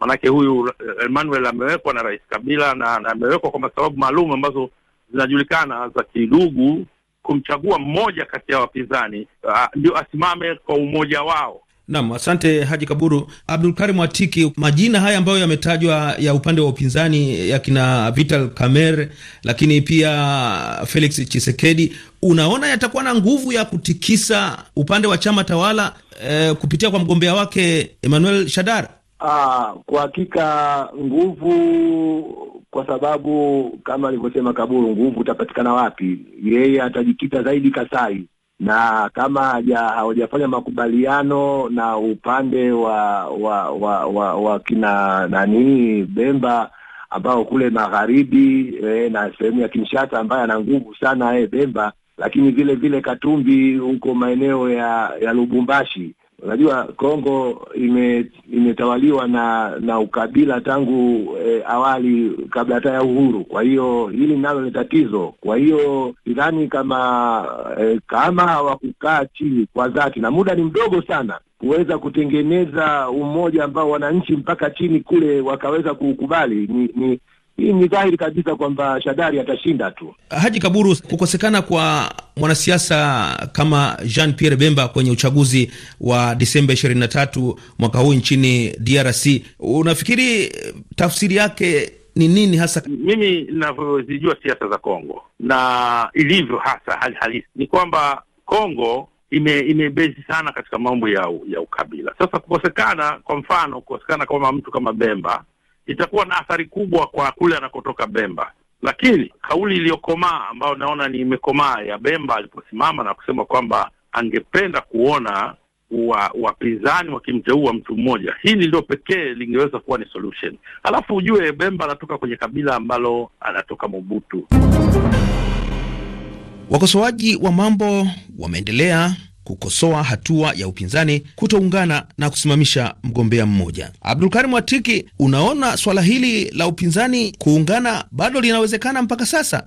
Manake huyu e, Emmanuel amewekwa na rais Kabila na amewekwa kwa sababu maalum ambazo zinajulikana za kidugu kumchagua mmoja kati ya wapinzani ah, ndio asimame kwa umoja wao. nam asante Haji Kaburu. Abdulkarim Atiki, majina haya ambayo yametajwa ya upande wa upinzani yakina Vital kamer lakini pia Felix Chisekedi, unaona yatakuwa na nguvu ya kutikisa upande wa chama tawala eh, kupitia kwa mgombea wake Emmanuel Shadar? Aa, ah, kwa hakika nguvu, kwa sababu kama alivyosema Kaburu, nguvu utapatikana wapi? Yeye atajikita zaidi Kasai, na kama hawajafanya makubaliano na upande wa wa wa, wa, wa kina nani Bemba ambao kule magharibi e, na sehemu ya Kinshasa ambaye ana nguvu sana e, Bemba, lakini vile vile Katumbi huko maeneo ya ya Lubumbashi Unajua Kongo ime, imetawaliwa na na ukabila tangu e, awali kabla hata ya uhuru. Kwa hiyo hili nalo ni tatizo. Kwa hiyo sidhani kama e, kama hawakukaa chini kwa dhati, na muda ni mdogo sana kuweza kutengeneza umoja ambao wananchi mpaka chini kule wakaweza kuukubali ni, ni hii ni dhahiri kabisa kwamba Shadari atashinda tu. Haji Kaburu, kukosekana kwa mwanasiasa kama Jean Pierre Bemba kwenye uchaguzi wa Disemba ishirini tatu mwaka huu nchini DRC, unafikiri tafsiri yake ni nini hasa? Mimi inavyozijua siasa za Kongo na ilivyo hasa hali halisi ni kwamba Kongo ime- imebezi sana katika mambo ya ya ukabila. Sasa kukosekana, kwa mfano, kukosekana kama mtu kama Bemba itakuwa na athari kubwa kwa kule anakotoka Bemba. Lakini kauli iliyokomaa ambayo naona ni imekomaa ya Bemba aliposimama na kusema kwamba angependa kuona wapinzani wa wakimteua mtu mmoja, hili ndio pekee lingeweza kuwa ni solution. Alafu ujue Bemba anatoka kwenye kabila ambalo anatoka Mobutu. Wakosoaji wa mambo wameendelea kukosoa hatua ya upinzani kutoungana na kusimamisha mgombea mmoja. Abdulkarim Watiki, unaona swala hili la upinzani kuungana bado linawezekana mpaka sasa?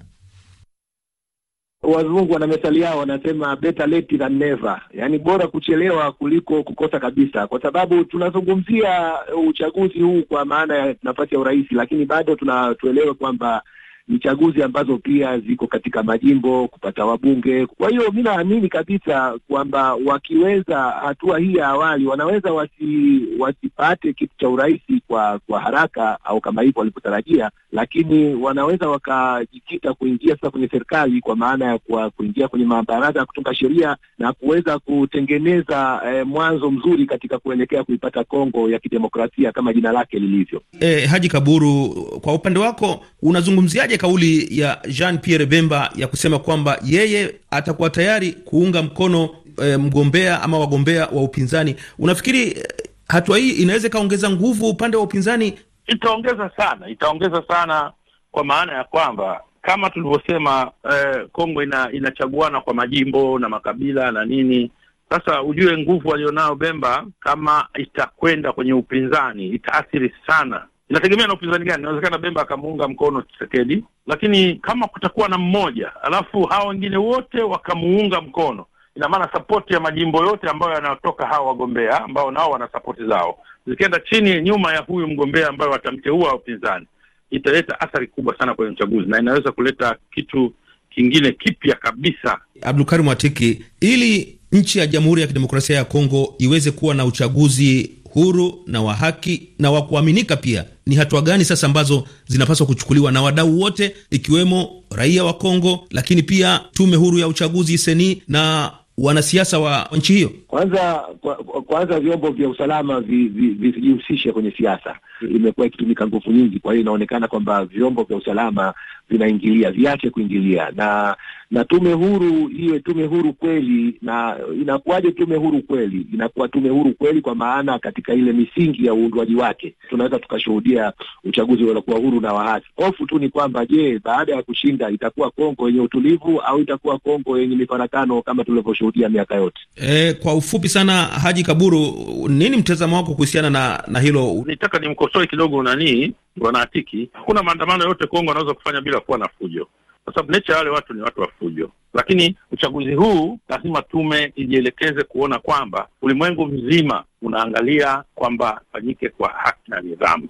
Wazungu wana methali yao, wanasema better late than never, yaani bora kuchelewa kuliko kukosa kabisa, kwa sababu tunazungumzia uchaguzi huu kwa maana ya nafasi ya urais, lakini bado tunatuelewe kwamba ni chaguzi ambazo pia ziko katika majimbo kupata wabunge. Kwa hiyo mi naamini kabisa kwamba wakiweza hatua hii ya awali, wanaweza wasi, wasipate kitu cha urais kwa kwa haraka au kama hivyo walivyotarajia, lakini wanaweza wakajikita kuingia sasa kwenye serikali kwa maana ya kwa kuingia kwenye mabaraza ya kutunga sheria na kuweza kutengeneza eh, mwanzo mzuri katika kuelekea kuipata Kongo ya kidemokrasia kama jina lake lilivyo. Eh, Haji Kaburu, kwa upande wako unazungumziaje kauli ya Jean Pierre Bemba ya kusema kwamba yeye atakuwa tayari kuunga mkono e, mgombea ama wagombea wa upinzani. Unafikiri eh, hatua hii inaweza ikaongeza nguvu upande wa upinzani? Itaongeza sana, itaongeza sana, kwa maana ya kwamba kama tulivyosema, e, eh, Kongo ina, inachaguana kwa majimbo na makabila na nini. Sasa ujue nguvu alionao Bemba, kama itakwenda kwenye upinzani itaathiri sana inategemea na upinzani gani. Inawezekana Bemba akamuunga mkono chisekedi lakini kama kutakuwa na mmoja alafu hawa wengine wote wakamuunga mkono, ina maana sapoti ya majimbo yote ambayo yanatoka hawa wagombea ambao nao wana sapoti zao zikienda chini nyuma ya huyu mgombea ambayo watamteua upinzani, italeta athari kubwa sana kwenye uchaguzi na inaweza kuleta kitu kingine kipya kabisa. Abdulkarim Watiki, ili nchi ya Jamhuri ya Kidemokrasia ya Kongo iweze kuwa na uchaguzi huru na wa haki na wa kuaminika. Pia ni hatua gani sasa ambazo zinapaswa kuchukuliwa na wadau wote, ikiwemo raia wa Kongo, lakini pia tume huru ya uchaguzi seni na wanasiasa wa nchi hiyo. Kwanza kwa, kwanza vyombo vya usalama visijihusishe vi, vi, kwenye siasa. Imekuwa ikitumika nguvu nyingi, kwa hiyo inaonekana kwamba vyombo vya usalama vinaingilia viache kuingilia na na tume huru iwe tume huru kweli. Na inakuwaje tume huru kweli? Inakuwa tume huru kweli kwa maana katika ile misingi ya uundwaji wake tunaweza tukashuhudia uchaguzi uliokuwa huru na wa haki. Hofu tu ni kwamba, je, baada ya kushinda itakuwa Kongo yenye utulivu au itakuwa Kongo yenye mifarakano kama tulivyoshuhudia miaka yote? E, kwa ufupi sana, Haji Kaburu, nini mtazamo wako kuhusiana na na hilo? Nitaka nimkosoe kidogo nani wanaatiki Hakuna maandamano yote Kongo anaweza kufanya bila kuwa na fujo, kwa sababu nature wale watu ni watu wa fujo. Lakini uchaguzi huu lazima tume ijielekeze kuona kwamba ulimwengu mzima unaangalia kwamba fanyike kwa haki na nidhamu.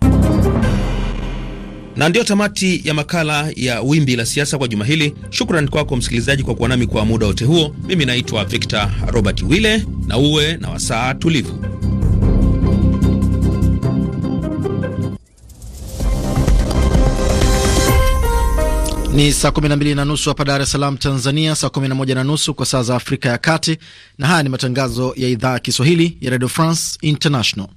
Na ndiyo tamati ya makala ya Wimbi la Siasa kwa juma hili. Shukran kwako msikilizaji kwa kuwa nami kwa muda wote huo. Mimi naitwa Victor Robert wille na uwe na wasaa tulivu. Ni saa 12 na nusu hapa Dar es Salaam, Tanzania, saa 11 na nusu kwa saa za Afrika ya Kati, na haya ni matangazo ya idhaa ya Kiswahili ya Radio France International.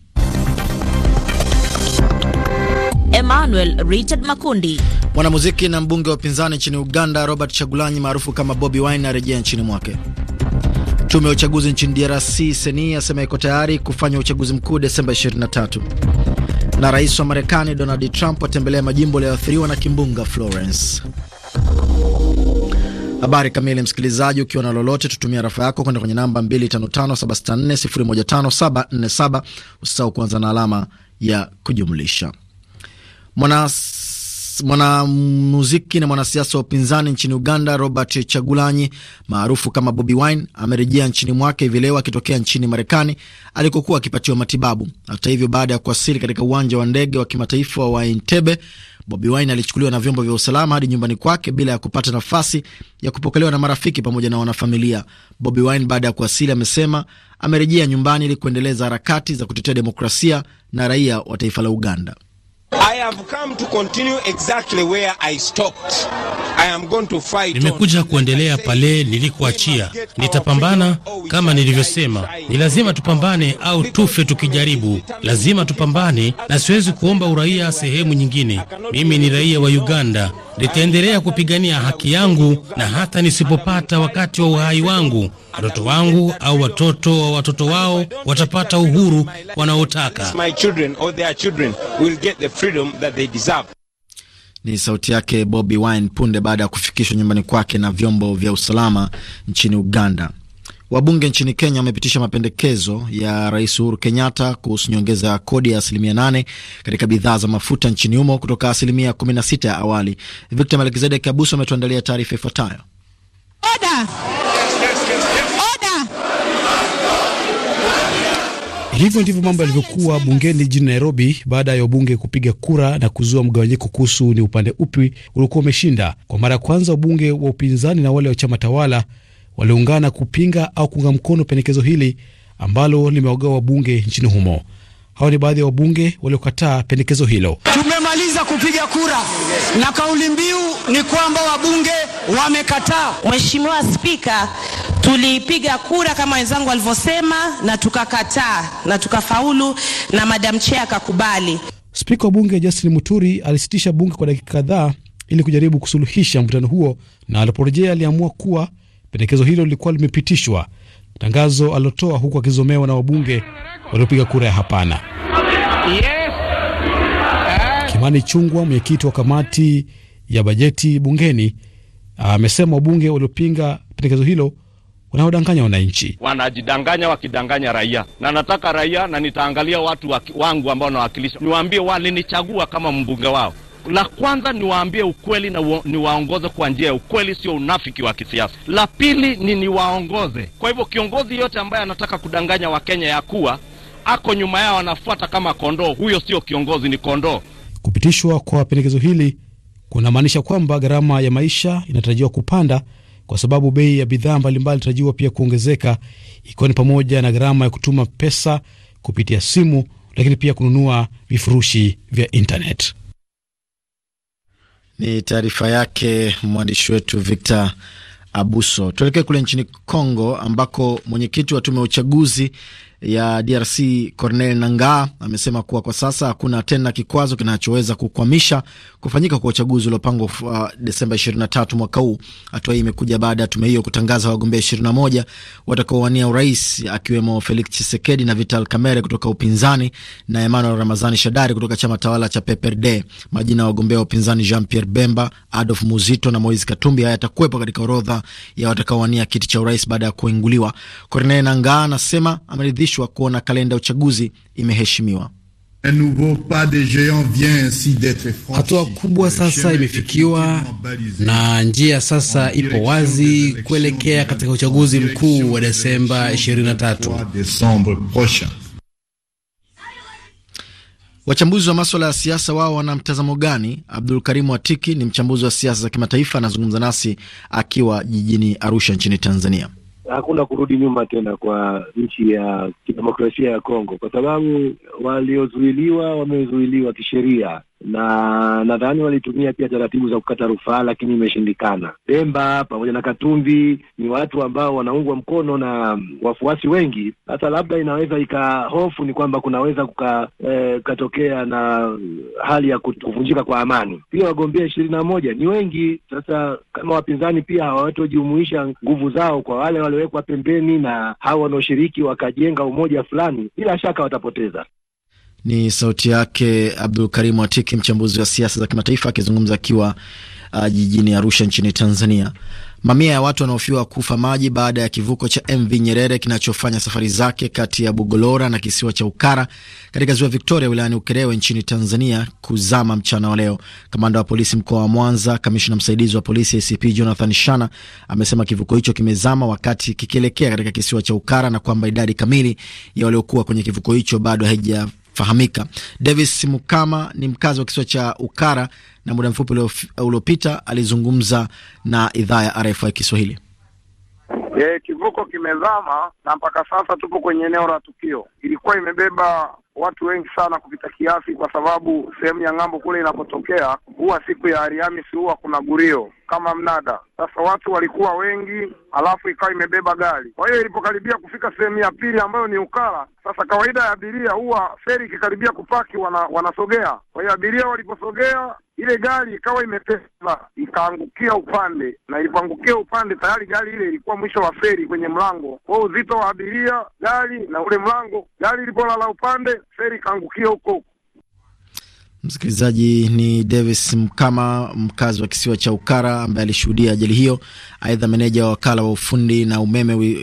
Emmanuel Richard Makundi. Mwanamuziki na mbunge wa upinzani nchini Uganda, Robert Chagulanyi maarufu kama Bobi Wine, arejea nchini mwake. Tume ya uchaguzi nchini DRC, Seni, asema iko tayari kufanya uchaguzi mkuu Desemba 23. Na rais wa Marekani Donald Trump atembelea majimbo yaliyoathiriwa na kimbunga Florence. Habari kamili, msikilizaji, ukiwa na lolote, tutumia rafa yako kwenda kwenye namba 255764015747. Usisahau kuanza na alama ya kujumlisha Mwana mwanamuziki na mwanasiasa wa upinzani nchini Uganda Robert Chagulanyi maarufu kama Bobi Wine amerejea nchini mwake hivi leo akitokea nchini Marekani alikokuwa akipatiwa matibabu. Hata hivyo, baada ya kuwasili katika uwanja wa ndege wa kimataifa wa Entebbe, Bobi Wine alichukuliwa na vyombo vya usalama hadi nyumbani kwake bila ya kupata nafasi ya kupokelewa na marafiki pamoja na wanafamilia. Bobi Wine baada ya kuwasili amesema amerejea nyumbani ili kuendeleza harakati za kutetea demokrasia na raia wa taifa la Uganda. Nimekuja kuendelea pale nilikoachia. Nitapambana kama nilivyosema, ni lazima tupambane au tufe tukijaribu. Lazima tupambane, na siwezi kuomba uraia sehemu nyingine. Mimi ni raia wa Uganda nitaendelea kupigania haki yangu, na hata nisipopata wakati wa uhai wangu, watoto wangu au watoto wa watoto wao watapata uhuru wanaotaka. Ni sauti yake Bobi Wine punde baada ya kufikishwa nyumbani kwake na vyombo vya usalama nchini Uganda. Wabunge nchini Kenya wamepitisha mapendekezo ya Rais Uhuru Kenyatta kuhusu nyongeza ya kodi ya asilimia nane katika bidhaa za mafuta nchini humo kutoka asilimia 16 ya awali. Victor Melkizedek Abuso ametuandalia taarifa ifuatayo. Hivyo ndivyo mambo yalivyokuwa bungeni jijini Nairobi baada ya wabunge kupiga kura na kuzua mgawanyiko kuhusu ni upande upi uliokuwa umeshinda. Kwa mara ya kwanza wabunge wa upinzani na wale wa chama tawala waliungana kupinga au kuunga mkono pendekezo hili ambalo limewagawa wabunge nchini humo. Hawa ni baadhi ya wabunge waliokataa pendekezo hilo. Tumemaliza kupiga kura na kauli mbiu ni kwamba wabunge wamekataa. Mheshimiwa Spika, tulipiga kura kama wenzangu walivyosema, na tukakataa na tukafaulu, na madam chair akakubali. Spika wa bunge Justin Muturi alisitisha bunge kwa dakika kadhaa ili kujaribu kusuluhisha mkutano huo, na aliporejea aliamua kuwa pendekezo hilo lilikuwa limepitishwa, tangazo alilotoa huku akizomewa na wabunge waliopiga kura ya hapana. Kimani Chungwa, mwenyekiti wa kamati ya bajeti bungeni, amesema wabunge waliopinga pendekezo hilo wanaodanganya wananchi, wanajidanganya wakidanganya raia, na nataka raia, na nitaangalia watu wangu ambao nawakilisha, niwaambie walinichagua kama mbunge wao la kwanza niwaambie ukweli na wa, niwaongoze kwa njia ya ukweli, sio unafiki wa kisiasa. La pili ni niwaongoze. Kwa hivyo kiongozi yote ambaye anataka kudanganya Wakenya ya kuwa ako nyuma yao anafuata kama kondoo, huyo sio kiongozi, ni kondoo. Kupitishwa kwa pendekezo hili kunamaanisha kwamba gharama ya maisha inatarajiwa kupanda kwa sababu bei ya bidhaa mbalimbali inatarajiwa pia kuongezeka, ikiwa ni pamoja na gharama ya kutuma pesa kupitia simu, lakini pia kununua vifurushi vya intanet. Ni taarifa yake mwandishi wetu Victor Abuso. Tuelekee kule nchini congo ambako mwenyekiti wa tume ya uchaguzi ya DRC Cornel Nanga amesema kuwa kwa sasa hakuna tena kikwazo kinachoweza kukwamisha kufanyika kwa uchaguzi uliopangwa uh, Desemba 23 mwaka huu. Hatua hii imekuja baada ya tume hiyo kutangaza wagombea 21 watakaowania urais akiwemo Felix Chisekedi na Vital Kamerhe kutoka upinzani na Emmanuel Ramazani Shadari kutoka chama tawala cha PPRD. Majina ya wagombea wa upinzani Jean Pierre Bemba, Adolf Muzito na Moise Katumbi hayatakuwepo katika orodha ya watakaowania kiti cha urais baada ya kuinguliwa. Cornel Nanga anasema ameridhishwa kuharakishwa kuona kalenda ya uchaguzi imeheshimiwa. Hatua kubwa sasa imefikiwa na njia sasa ipo wazi kuelekea katika uchaguzi mkuu wa Desemba 23. Wachambuzi wa maswala ya siasa wao wana mtazamo gani? Abdul Karimu Watiki ni mchambuzi wa siasa za kimataifa, anazungumza nasi akiwa jijini Arusha nchini Tanzania hakuna kurudi nyuma tena kwa nchi ya kidemokrasia ya Kongo, kwa sababu waliozuiliwa wamezuiliwa kisheria na nadhani walitumia pia taratibu za kukata rufaa, lakini imeshindikana. Pemba pamoja na Katumbi ni watu ambao wanaungwa mkono na wafuasi wengi. Sasa labda inaweza ikahofu ni kwamba kunaweza kuka, eh, katokea na hali ya kuvunjika kwa amani. Pia wagombea ishirini na moja ni wengi. Sasa kama wapinzani pia hawatojumuisha nguvu zao kwa wale waliowekwa pembeni na hawa wanaoshiriki wakajenga umoja fulani, bila shaka watapoteza. Ni sauti yake Abdul Karimu Atiki, mchambuzi wa siasa za kimataifa akizungumza akiwa uh, jijini Arusha nchini Tanzania. Mamia ya watu wanaofiwa kufa maji baada ya kivuko cha MV Nyerere kinachofanya safari zake kati ya Bugolora na kisiwa cha Ukara katika ziwa Victoria wilayani Ukerewe nchini Tanzania kuzama mchana wa leo. Kamanda wa polisi mkoa wa Mwanza, kamishna msaidizi wa polisi ACP Jonathan Shana amesema kivuko hicho kimezama wakati kikielekea katika kisiwa cha Ukara na kwamba idadi kamili ya waliokuwa kwenye kivuko hicho bado haija fahamika. Davis Mukama ni mkazi wa kisiwa cha Ukara na muda mfupi uliopita alizungumza na idhaa ya RFI Kiswahili. E, kivuko kimezama na mpaka sasa tupo kwenye eneo la tukio. Ilikuwa imebeba watu wengi sana kupita kiasi, kwa sababu sehemu ya ng'ambo kule inapotokea huwa siku ya Alhamisi huwa kuna gurio kama mnada. Sasa watu walikuwa wengi, alafu ikawa imebeba gari. Kwa hiyo ilipokaribia kufika sehemu ya pili ambayo ni Ukala, sasa kawaida ya abiria huwa feri ikikaribia kupaki wana, wanasogea. Kwa hiyo abiria waliposogea ile gari ikawa imepesa ikaangukia upande, na ilipoangukia upande tayari gari ile ilikuwa mwisho wa feri kwenye mlango. Kwa uzito wa abiria, gari na ule mlango, gari ilipolala upande, feri ikaangukia huko huko. Msikilizaji ni Davis Mkama, mkazi wa kisiwa cha Ukara, ambaye alishuhudia ajali hiyo. Aidha, meneja wa wakala wa ufundi na umeme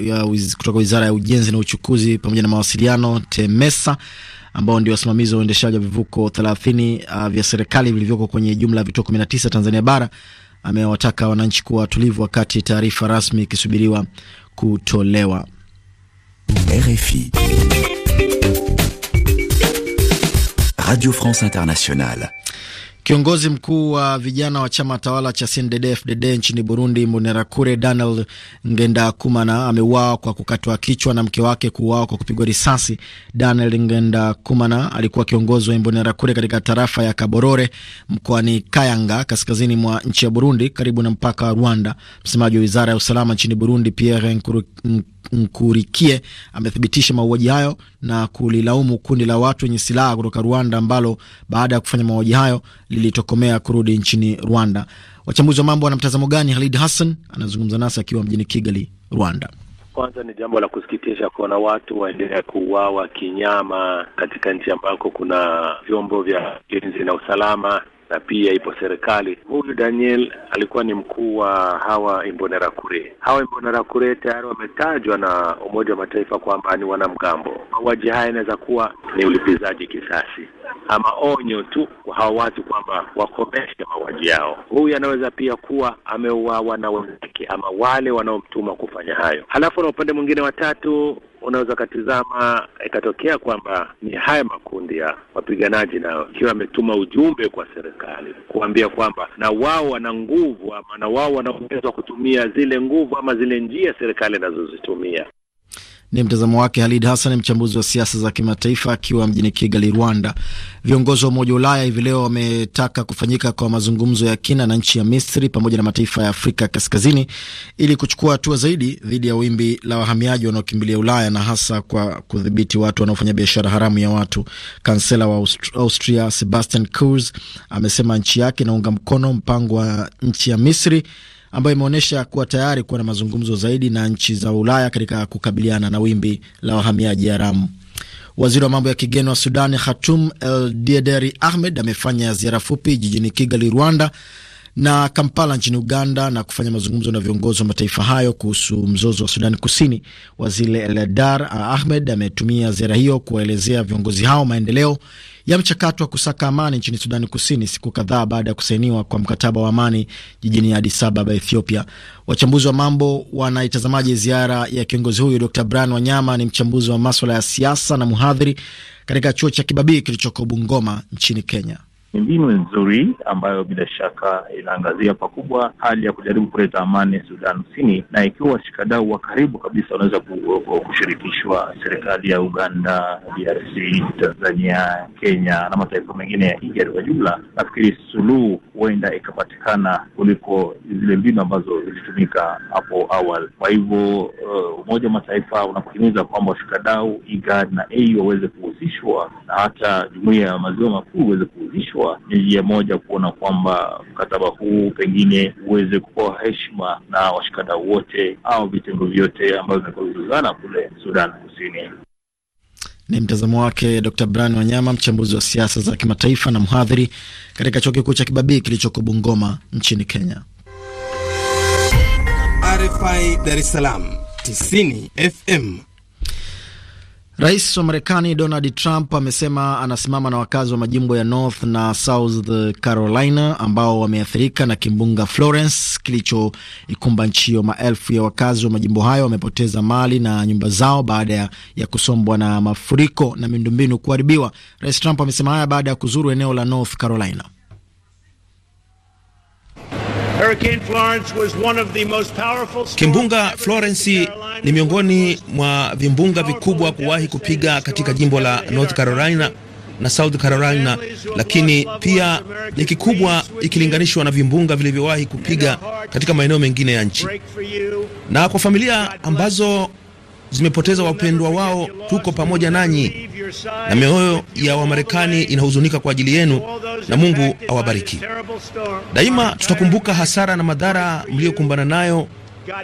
kutoka wizara ya ujenzi na uchukuzi pamoja na mawasiliano TEMESA, ambao ndio wasimamizi wa uendeshaji wa vivuko 30 uh, vya serikali vilivyoko kwenye jumla ya vituo 19 Tanzania bara amewataka wananchi kuwa watulivu wakati taarifa rasmi ikisubiriwa kutolewa. RFI. Radio France Internationale. Kiongozi mkuu wa vijana wa chama tawala cha CNDD-FDD nchini Burundi, Munerakure Daniel Ngendakumana ameuawa kwa kukatwa kichwa na mke wake kuuawa kwa kupigwa risasi. Daniel Ngendakumana alikuwa kiongozi wa Imbonerakure katika tarafa ya Kaborore mkoani Kayanga, kaskazini mwa nchi ya Burundi, karibu na mpaka wa Rwanda. Msemaji wa wizara ya usalama nchini Burundi, Pierre Nkurikie amethibitisha mauaji hayo na kulilaumu kundi la watu wenye silaha kutoka Rwanda ambalo baada ya kufanya mauaji hayo lilitokomea kurudi nchini Rwanda. Wachambuzi wa mambo wana mtazamo gani? Halid Hassan anazungumza nasi akiwa mjini Kigali, Rwanda. Kwanza ni jambo la kusikitisha kuona watu waendelea kuuawa kinyama katika nchi ambako kuna vyombo vya ulinzi na usalama na pia ipo serikali. Huyu Daniel alikuwa ni mkuu wa hawa Imbonerakure. Hawa Imbonerakure tayari wametajwa na Umoja wa Mataifa kwamba ni wanamgambo. Mauaji haya inaweza kuwa ni ulipizaji kisasi ama onyo tu kwa hawa watu kwamba wakomeshe mauaji yao. Huyu anaweza pia kuwa ameuawa na wenzake ama wale wanaomtuma kufanya hayo. Halafu na upande mwingine, watatu unaweza ukatizama ikatokea kwamba ni haya makundi ya wapiganaji nayo ikiwa ametuma ujumbe kwa serikali kuambia kwamba na wao wana nguvu ama na wao wana uwezo wa kutumia zile nguvu ama zile njia serikali inazozitumia. Ni mtazamo wake Halid Hassan, mchambuzi wa siasa za kimataifa akiwa mjini Kigali, Rwanda. Viongozi wa Umoja wa Ulaya hivi leo wametaka kufanyika kwa mazungumzo ya kina na nchi ya Misri pamoja na mataifa ya Afrika Kaskazini ili kuchukua hatua zaidi dhidi ya wimbi la wahamiaji wanaokimbilia Ulaya na hasa kwa kudhibiti watu wanaofanya biashara haramu ya watu. Kansela wa Austria Sebastian Kurz amesema nchi yake inaunga mkono mpango wa nchi ya Misri ambayo imeonyesha kuwa tayari kuwa na mazungumzo zaidi na nchi za Ulaya katika kukabiliana na wimbi la wahamiaji haramu. Waziri wa mambo ya kigeni wa Sudani Khatum El Diederi Ahmed amefanya ziara fupi jijini Kigali, Rwanda na Kampala nchini Uganda na kufanya mazungumzo na viongozi wa mataifa hayo kuhusu mzozo wa Sudani Kusini. Waziri Eldar Ahmed ametumia ziara hiyo kuwaelezea viongozi hao maendeleo ya mchakato wa kusaka amani nchini Sudani Kusini, siku kadhaa baada ya kusainiwa kwa mkataba wa amani jijini Addis Ababa, Ethiopia. Wachambuzi wa mambo wanaitazamaje ziara ya kiongozi huyu? Dr Brian Wanyama ni mchambuzi wa maswala ya siasa na mhadhiri katika chuo cha Kibabii kilichoko Bungoma nchini Kenya ni mbinu nzuri ambayo bila shaka inaangazia pakubwa hali ya kujaribu kuleta amani Sudan Kusini, na ikiwa washikadau wa karibu kabisa wanaweza kushirikishwa, serikali ya Uganda, DRC, Tanzania, Kenya na mataifa mengine ya IGAD kwa jumla, nafikiri suluhu huenda ikapatikana kuliko zile mbinu ambazo zilitumika hapo awali. Kwa hivyo uh, Umoja wa Mataifa unapohimiza kwamba washikadau IGAD na AU waweze kuhusishwa na hata jumuia ya Maziwa Makuu iweze kuhusishwa kwa njia moja kuona kwamba mkataba huu pengine uweze kupoa heshima na washikadau wote au vitendo vyote ambavyo vimekuwa kule Sudan Kusini. Ni mtazamo wake Dr Brian Wanyama, mchambuzi wa siasa za kimataifa na mhadhiri katika chuo kikuu cha Kibabii kilichoko Bungoma nchini Kenya. RFI Dar es Salaam 90 FM. Rais wa Marekani Donald Trump amesema anasimama na wakazi wa majimbo ya North na South Carolina ambao wameathirika na kimbunga Florence kilichoikumba nchi hiyo. Maelfu ya wakazi wa majimbo hayo wamepoteza mali na nyumba zao baada ya, kusombwa na mafuriko na miundombinu kuharibiwa. Rais Trump amesema haya baada ya kuzuru eneo la North Carolina. Kimbunga Florence ni miongoni mwa vimbunga vikubwa kuwahi kupiga katika jimbo la North Carolina na South Carolina, lakini pia ni kikubwa ikilinganishwa na vimbunga vilivyowahi kupiga katika maeneo mengine ya nchi. Na kwa familia ambazo zimepoteza wapendwa wao, tuko pamoja nanyi na mioyo ya Wamarekani inahuzunika kwa ajili yenu, na Mungu awabariki daima. Tutakumbuka hasara na madhara mliyokumbana nayo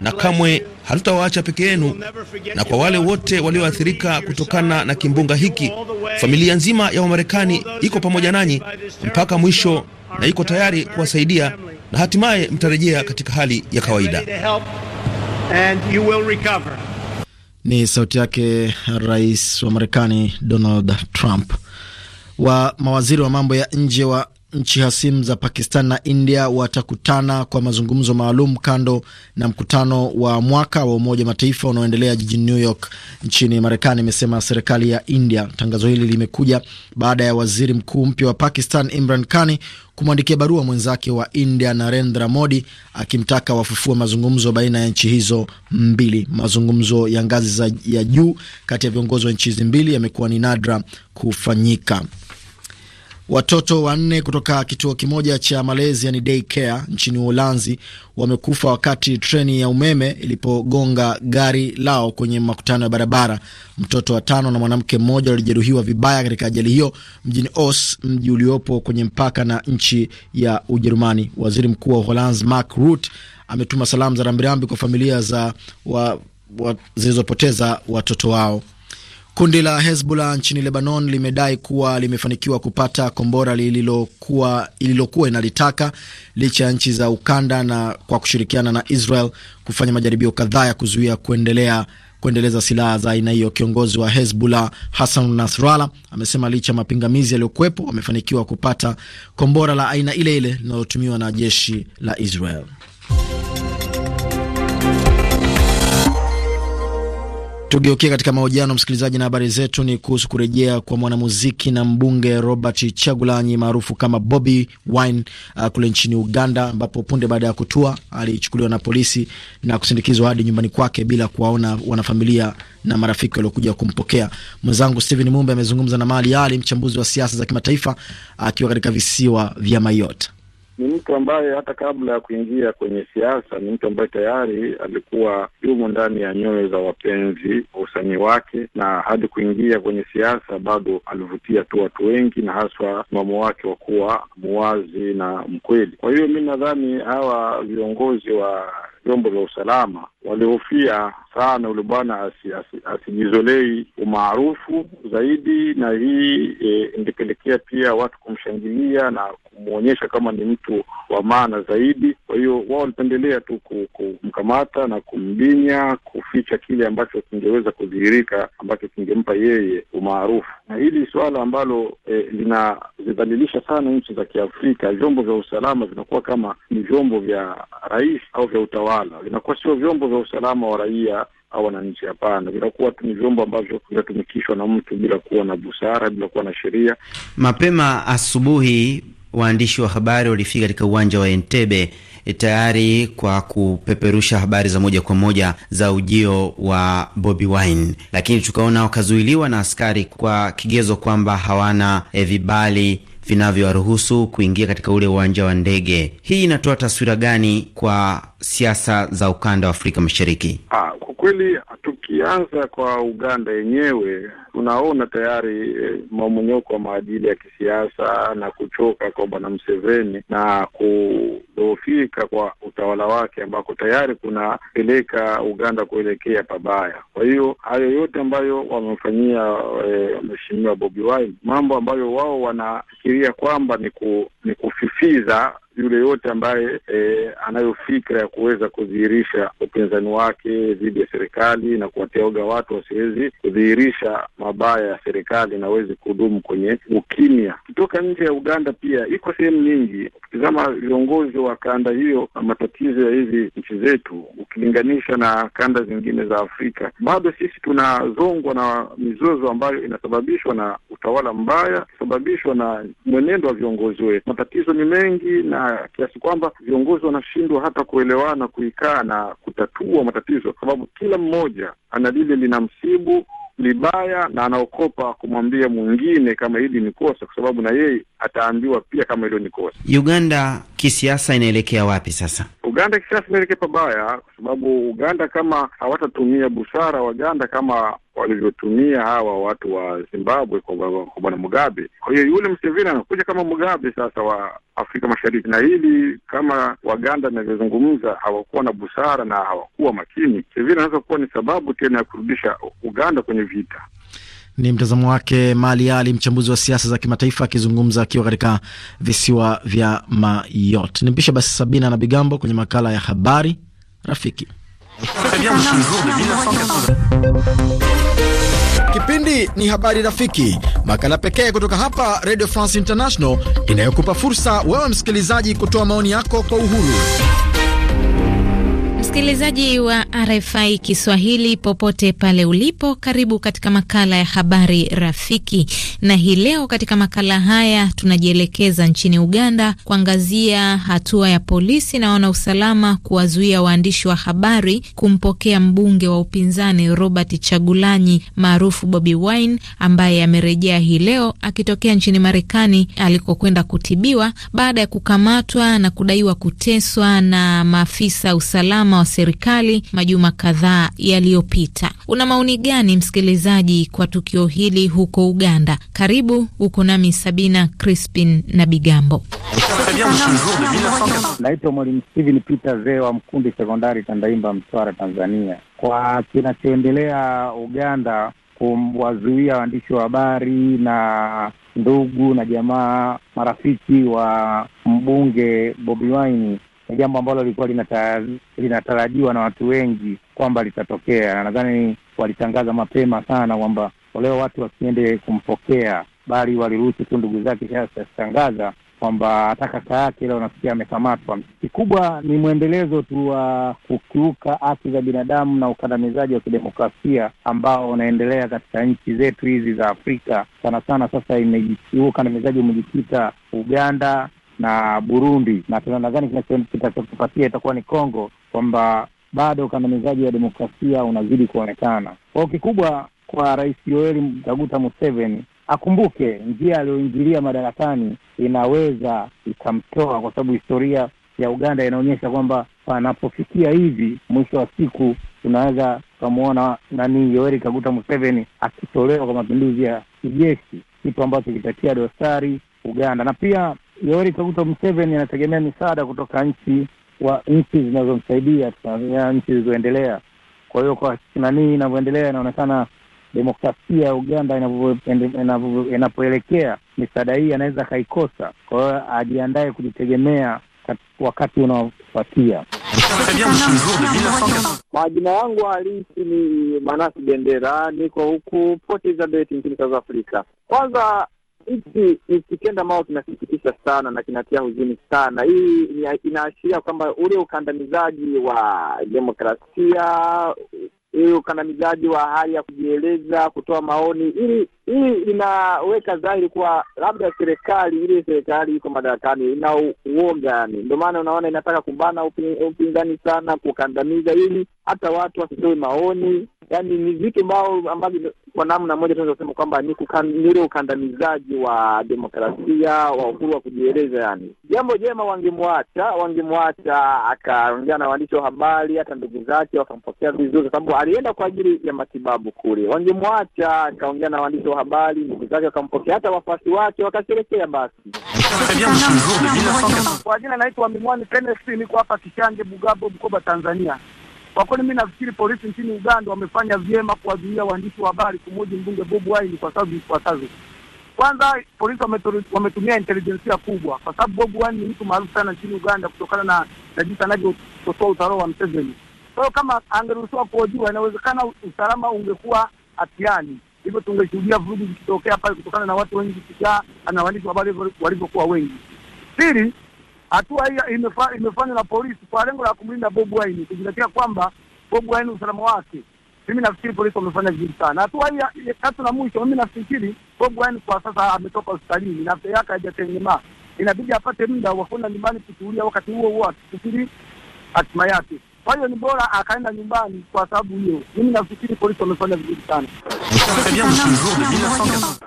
na kamwe hatutawaacha peke yenu. Na kwa wale wote walioathirika kutokana na kimbunga hiki, familia nzima ya Wamarekani iko pamoja nanyi mpaka mwisho na iko tayari kuwasaidia, na hatimaye mtarejea katika hali ya kawaida. Ni sauti yake rais wa Marekani Donald Trump. Wa mawaziri wa mambo ya nje wa nchi hasimu za Pakistan na India watakutana kwa mazungumzo maalum kando na mkutano wa mwaka wa Umoja Mataifa unaoendelea jijini New York nchini Marekani, imesema serikali ya India. Tangazo hili limekuja baada ya waziri mkuu mpya wa Pakistan Imran Khan kumwandikia barua mwenzake wa India Narendra Modi akimtaka wafufue mazungumzo baina ya nchi hizo mbili. Mazungumzo ya ngazi ya juu kati ya viongozi wa nchi hizi mbili yamekuwa ni nadra kufanyika. Watoto wanne kutoka kituo kimoja cha malezi yani daycare nchini Uholanzi wamekufa wakati treni ya umeme ilipogonga gari lao kwenye makutano ya barabara. Mtoto wa tano na mwanamke mmoja walijeruhiwa vibaya katika ajali hiyo mjini Os, mji uliopo kwenye mpaka na nchi ya Ujerumani. Waziri Mkuu wa Uholanzi Mark Rutte ametuma salamu za rambirambi kwa familia za wa, wa, zilizopoteza watoto wao. Kundi la Hezbollah nchini Lebanon limedai kuwa limefanikiwa kupata kombora lililokuwa ililokuwa inalitaka licha ya nchi za ukanda na kwa kushirikiana na Israel kufanya majaribio kadhaa ya kuzuia kuendelea kuendeleza silaha za aina hiyo. Kiongozi wa Hezbollah Hassan Nasrallah amesema licha ya mapingamizi yaliyokuwepo wamefanikiwa kupata kombora la aina ile ile linalotumiwa na jeshi la Israel. tugeukia katika mahojiano msikilizaji, na habari zetu ni kuhusu kurejea kwa mwanamuziki na mbunge Robert Chagulanyi maarufu kama Bobi Wine uh, kule nchini Uganda, ambapo punde baada ya kutua alichukuliwa na polisi na kusindikizwa hadi nyumbani kwake bila kuwaona wanafamilia na marafiki waliokuja kumpokea. Mwenzangu Steven Mumbe amezungumza na Mali Ali, mchambuzi wa siasa za kimataifa, akiwa uh, katika visiwa vya Mayota ni mtu ambaye hata kabla ya kuingia kwenye siasa ni mtu ambaye tayari alikuwa yumo ndani ya nyoyo za wapenzi wa usanii wake, na hadi kuingia kwenye siasa bado alivutia tu watu wengi, na haswa msimamo wake wa kuwa muwazi na mkweli. Kwa hiyo mi nadhani hawa viongozi wa vyombo vya usalama walihofia sana ule bwana asijizolei asi, asi umaarufu zaidi, na hii e, ingepelekea pia watu kumshangilia na kumwonyesha kama ni mtu wa maana zaidi. Kwa hiyo wao walipendelea tu kumkamata na kumbinya, kuficha kile ambacho kingeweza kudhihirika ambacho kingempa yeye umaarufu, na hili suala ambalo e, linazidhalilisha sana nchi za Kiafrika. Vyombo vya usalama vinakuwa kama ni vyombo vya rais au vya utawala, vinakuwa sio vyombo vya usalama wa raia au wananchi. Hapana, vinakuwa tu ni vyombo ambavyo vinatumikishwa na mtu bila kuwa na busara, bila kuwa na sheria. Mapema asubuhi, waandishi wa habari walifika katika uwanja wa Entebbe e, tayari kwa kupeperusha habari za moja kwa moja za ujio wa Bobi Wine, lakini tukaona wakazuiliwa na askari kwa kigezo kwamba hawana e, vibali vinavyowaruhusu kuingia katika ule uwanja wa ndege. Hii inatoa taswira gani kwa siasa za ukanda wa Afrika Mashariki? Ah, kwa kweli tukianza kwa Uganda yenyewe tunaona tayari eh, maumonyoko wa maadili ya kisiasa na kuchoka kwa bwana Mseveni na kudhoofika kwa utawala wake ambako tayari kunapeleka Uganda kuelekea pabaya. Kwa hiyo hayo yote ambayo wamefanyia mweshimiwa mheshimiwa Bobi Wine, mambo ambayo wao wanafikiria kwamba ni, ku, ni kufifiza yule yote ambaye e, anayo fikra ya kuweza kudhihirisha upinzani wake dhidi ya serikali na kuwateoga watu wasiwezi kudhihirisha mabaya ya serikali na wezi kudumu kwenye ukimya. Kutoka nje ya Uganda pia iko sehemu nyingi, ukitizama viongozi wa kanda hiyo na matatizo ya hizi nchi zetu, ukilinganisha na kanda zingine za Afrika, bado sisi tunazongwa na mizozo ambayo inasababishwa na utawala mbaya, ikisababishwa na mwenendo wa viongozi wetu. Matatizo ni mengi na kiasi kwamba viongozi wanashindwa hata kuelewana, kuikaa na kutatua matatizo, kwa sababu kila mmoja ana lile linamsibu ni baya, na anaokopa kumwambia mwingine kama hili ni kosa, kwa sababu na yeye ataambiwa pia kama hilo ni kosa. Uganda kisiasa inaelekea wapi sasa? Uganda kisiasa inaelekea pabaya, kwa sababu Uganda kama hawatatumia busara, Waganda kama walivyotumia hawa watu wa Zimbabwe kwa bwana Mugabe. Kwa hiyo yule Mseveni anakuja kama Mugabe sasa wa Afrika Mashariki, na hili kama Waganda inavyozungumza hawakuwa na busara na hawakuwa makini, Mseveni anaweza kuwa ni sababu tena ya kurudisha Uganda kwenye vita. Ni mtazamo wake Mali Ali, mchambuzi wa siasa za kimataifa, akizungumza akiwa katika visiwa vya Mayot. Ni mpisha basi Sabina na Bigambo kwenye makala ya habari rafiki. Kipindi ni habari rafiki, makala pekee kutoka hapa Radio France International inayokupa fursa wewe msikilizaji kutoa maoni yako kwa uhuru. Msikilizaji wa RFI Kiswahili popote pale ulipo, karibu katika makala ya habari rafiki. Na hii leo katika makala haya tunajielekeza nchini Uganda kuangazia hatua ya polisi na usalama kuwazuia waandishi wa habari kumpokea mbunge wa upinzani Robert Chagulanyi maarufu Bobi Wine ambaye amerejea hii leo akitokea nchini Marekani alikokwenda kutibiwa baada ya kukamatwa na kudaiwa kuteswa na maafisa usalama serikali majuma kadhaa yaliyopita. Una maoni gani msikilizaji kwa tukio hili huko Uganda? Karibu, uko nami Sabina Crispin na Bigambo. Naitwa Mwalimu Steven Peter Zee wa Mkundi Sekondari, Tandaimba, Mtwara, Tanzania. Kwa kinachoendelea Uganda kuwazuia waandishi wa habari na ndugu na jamaa marafiki wa mbunge Bobi Wine ni jambo ambalo lilikuwa linatarajiwa na watu wengi kwamba litatokea. na Nadhani walitangaza mapema sana kwamba leo watu wasiende kumpokea, bali waliruhusu tu ndugu zake tangaza kwamba hata kaka yake leo nasikia amekamatwa. Kikubwa ni mwendelezo tu wa kukiuka haki za binadamu na ukandamizaji wa kidemokrasia ambao unaendelea katika nchi zetu hizi za Afrika. Sana sana sasa, huu ukandamizaji umejikita Uganda, na Burundi, na nadhani kinachotupatia itakuwa ni Kongo, kwamba bado ukandamizaji wa demokrasia unazidi kuonekana kwao. Kikubwa kwa Rais Yoweri Kaguta Museveni akumbuke njia aliyoingilia madarakani inaweza ikamtoa, kwa sababu historia ya Uganda inaonyesha kwamba panapofikia hivi, mwisho wa siku tunaweza tukamwona nani Yoweri Kaguta Museveni akitolewa kwa mapinduzi ya kijeshi, kitu ambacho kitatia dosari Uganda na pia Yoweri Kaguta Museveni anategemea misaada kutoka nchi wa nchi zinazomsaidia Tanzania, nchi zilizoendelea. Kwa hiyo kwa nanii inavyoendelea, inaonekana demokrasia ya Uganda inapoelekea, misaada hii anaweza akaikosa. Kwa hiyo ajiandae kujitegemea wakati unaofuatia. Majina yangu halisi ni Manasi Bendera, niko huku Port Elizabeth nchini South Africa. Kwanza hiki ni kitendo kinasikitisha sana na kinatia huzuni sana. Hii inaashiria kwamba ule ukandamizaji wa demokrasia, ule ukandamizaji wa hali ya kujieleza, kutoa maoni, ili hii inaweka dhahiri kuwa labda serikali ile serikali iko madarakani ina uoga, yani ndio maana unaona inataka kubana upinzani sana, kukandamiza, ili hata watu wasitoe maoni yani ni vitu ambao ambavyo kwa namna moja tunaweza kusema kwamba ni ule ukandamizaji wa demokrasia wa uhuru wa kujieleza. Yani jambo jema, wangemwacha wangemwacha akaongea na waandishi wa habari, hata ndugu zake wakampokea vizuri, kwa sababu alienda kwa ajili ya matibabu kule. Wangemwacha akaongea na waandishi wa habari, ndugu zake wakampokea, hata wafuasi wake wakasherekea. Basi kwa jina naitwa Mimwani Kenneth, niko hapa Kishange, Bugabo, Bukoba, Tanzania. Kwa kweli mi nafikiri polisi nchini Uganda wamefanya vyema kuwazuia waandishi wa habari kumoji mbunge Bobi Wine kwa sababu zifuatazo. Kwanza, polisi wametumia intelijensia kubwa, kwa sababu Bobi Wine ni mtu maarufu sana nchini Uganda kutokana na, na jinsi anavyotoa utawala wa Mseveni. Kwa hiyo kama angeruhusiwa kuhojiwa, inawezekana usalama ungekuwa hatiani, hivyo tungeshuhudia vurugu zikitokea pale kutokana na watu wengi kujaa na waandishi wa habari walivyokuwa wengi. Pili, Hatua hiyo imefanywa na polisi kwa lengo la kumlinda Bob Wine, kuzingatia kwamba Bob Wine usalama wake. Mimi nafikiri polisi wamefanya vizuri sana. Hatua hii tatu na mwisho, mimi nafikiri Bob Wine kwa sasa ametoka hospitalini na afya yake haijatengemaa, inabidi apate muda wa kwenda nyumbani kutulia, wakati huo huo akisubiri hatima yake. Kwa hiyo ni bora akaenda nyumbani kwa sababu hiyo. Mimi nafikiri polisi wamefanya vizuri sana.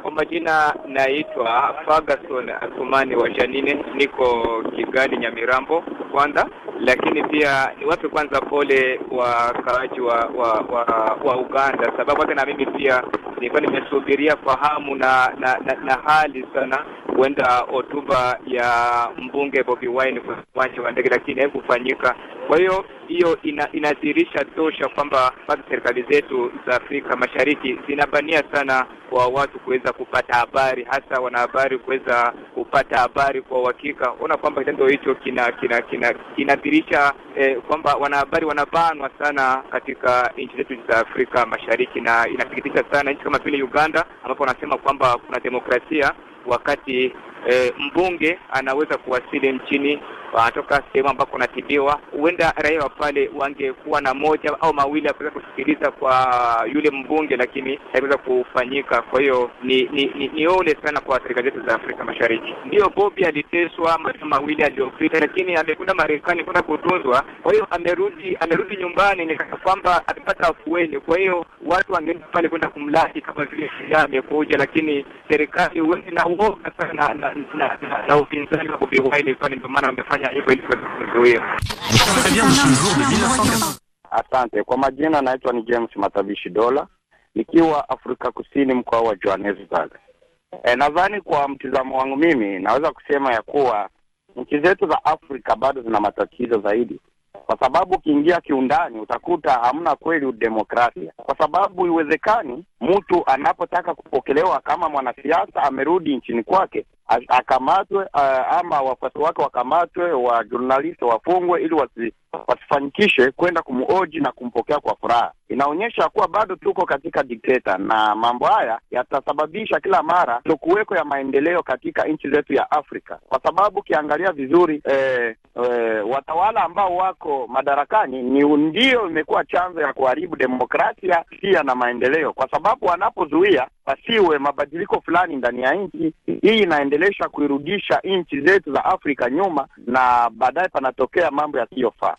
Kwa majina naitwa Ferguson Athumani wa Janine, niko Kigali Nyamirambo kwanza, lakini pia ni wape kwanza pole wakaaji wa wa, wa wa Uganda, sababu hata na mimi pia nilikuwa nimesubiria kwa hamu na na, na na hali sana huenda hotuba ya mbunge Bobi Wine kwa uwanja wa ndege, lakini haikufanyika. Kwa hiyo hiyo ina, inadhihirisha tosha kwamba bado serikali zetu za Afrika Mashariki zinabania sana kwa watu kuweza kupata habari, hasa wanahabari kuweza kupata habari kwa uhakika. Ona kwamba kitendo hicho kina kina kinadhihirisha kina eh, kwamba wanahabari wanabanwa sana katika nchi zetu za Afrika Mashariki, na inasikitisha sana nchi kama vile Uganda ambapo wanasema kwamba kuna demokrasia wakati E, mbunge anaweza kuwasili nchini wanatoka sehemu ambako wanatibiwa. Huenda raia wa pale wangekuwa na moja au mawili ya kuweza kusikiliza kwa yule mbunge, lakini haiweza kufanyika. Kwa hiyo ni ni, ni, ni ole sana kwa serikali zetu za Afrika Mashariki. Ndiyo, Bobi aliteswa maa mawili aliyopita, lakini amekwenda Marekani kwenda kutunzwa. Kwa hiyo amerudi amerudi nyumbani, ni kwamba amepata afueni. Kwa hiyo watu wangeenda pale kwenda kumlaki kama vile shujaa amekuja, lakini serikali huende na uoga sana na upinzani wa Bobi Wine, ndio maana wamefanya Asante kwa majina, anaitwa ni James Matabishi Dola, nikiwa Afrika Kusini, mkoa wa Johannesburg. E, nadhani kwa mtizamo wangu mimi naweza kusema ya kuwa nchi zetu za Afrika bado zina matatizo zaidi, kwa sababu ukiingia kiundani utakuta hamna kweli udemokrasia, kwa sababu iwezekani mtu anapotaka kupokelewa kama mwanasiasa amerudi nchini kwake akamatwe ama wafuasi wake wakamatwe, wa journalist wafungwe ili wasi wasifanikishe kwenda kumuoji na kumpokea kwa furaha. Inaonyesha kuwa bado tuko katika dikteta, na mambo haya yatasababisha kila mara tokuweko ya maendeleo katika nchi zetu ya Afrika, kwa sababu ukiangalia vizuri eh, eh, watawala ambao wako madarakani ni ndio imekuwa chanzo ya kuharibu demokrasia pia na maendeleo, kwa sababu wanapozuia pasiwe mabadiliko fulani ndani ya nchi hii, inaendelesha kuirudisha nchi zetu za Afrika nyuma, na baadaye panatokea mambo yasiyofaa.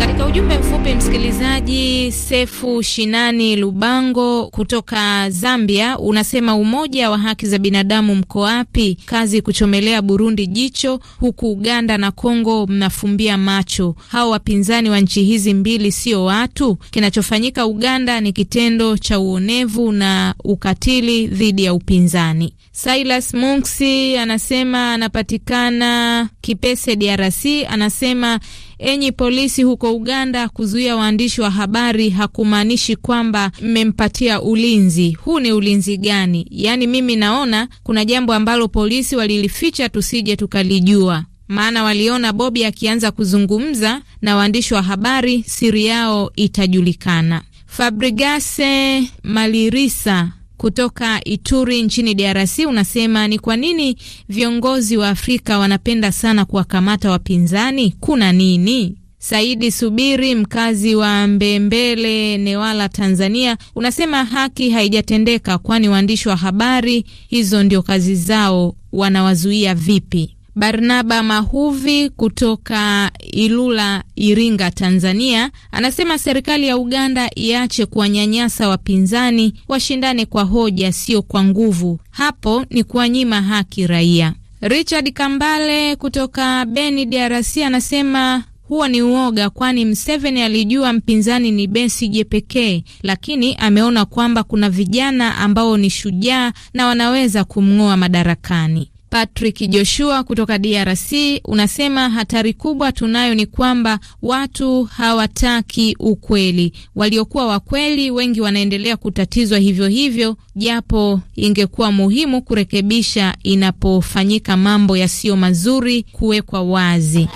Katika ujumbe mfupi msikilizaji, Sefu Shinani Lubango kutoka Zambia unasema umoja wa haki za binadamu mko wapi? Kazi kuchomelea Burundi jicho, huku Uganda na Kongo mnafumbia macho. Hao wapinzani wa nchi hizi mbili sio watu. Kinachofanyika Uganda ni kitendo cha uonevu na ukatili dhidi ya upinzani. Silas Munksi anasema anapatikana Kipese DRC, anasema enyi polisi huko wa Uganda kuzuia waandishi wa habari hakumaanishi kwamba mmempatia ulinzi. Huu ni ulinzi gani? Yaani mimi naona kuna jambo ambalo polisi walilificha tusije tukalijua maana waliona Bobi akianza kuzungumza na waandishi wa habari, siri yao itajulikana. Fabrigase Malirisa kutoka Ituri nchini DRC unasema ni kwa nini viongozi wa Afrika wanapenda sana kuwakamata wapinzani? Kuna nini? Saidi Subiri, mkazi wa Mbembele, Newala, Tanzania, unasema haki haijatendeka, kwani waandishi wa habari hizo ndio kazi zao, wanawazuia vipi? Barnaba Mahuvi kutoka Ilula, Iringa, Tanzania, anasema serikali ya Uganda iache kuwanyanyasa wapinzani, washindane kwa hoja, sio kwa nguvu. Hapo ni kuwanyima haki raia. Richard Kambale kutoka Beni, DRC, anasema huo ni uoga, kwani Mseveni alijua mpinzani ni Besigye pekee, lakini ameona kwamba kuna vijana ambao ni shujaa na wanaweza kumng'oa madarakani. Patrick Joshua kutoka DRC unasema hatari kubwa tunayo ni kwamba watu hawataki ukweli. Waliokuwa wakweli wengi wanaendelea kutatizwa hivyo hivyo, japo ingekuwa muhimu kurekebisha inapofanyika mambo yasiyo mazuri kuwekwa wazi.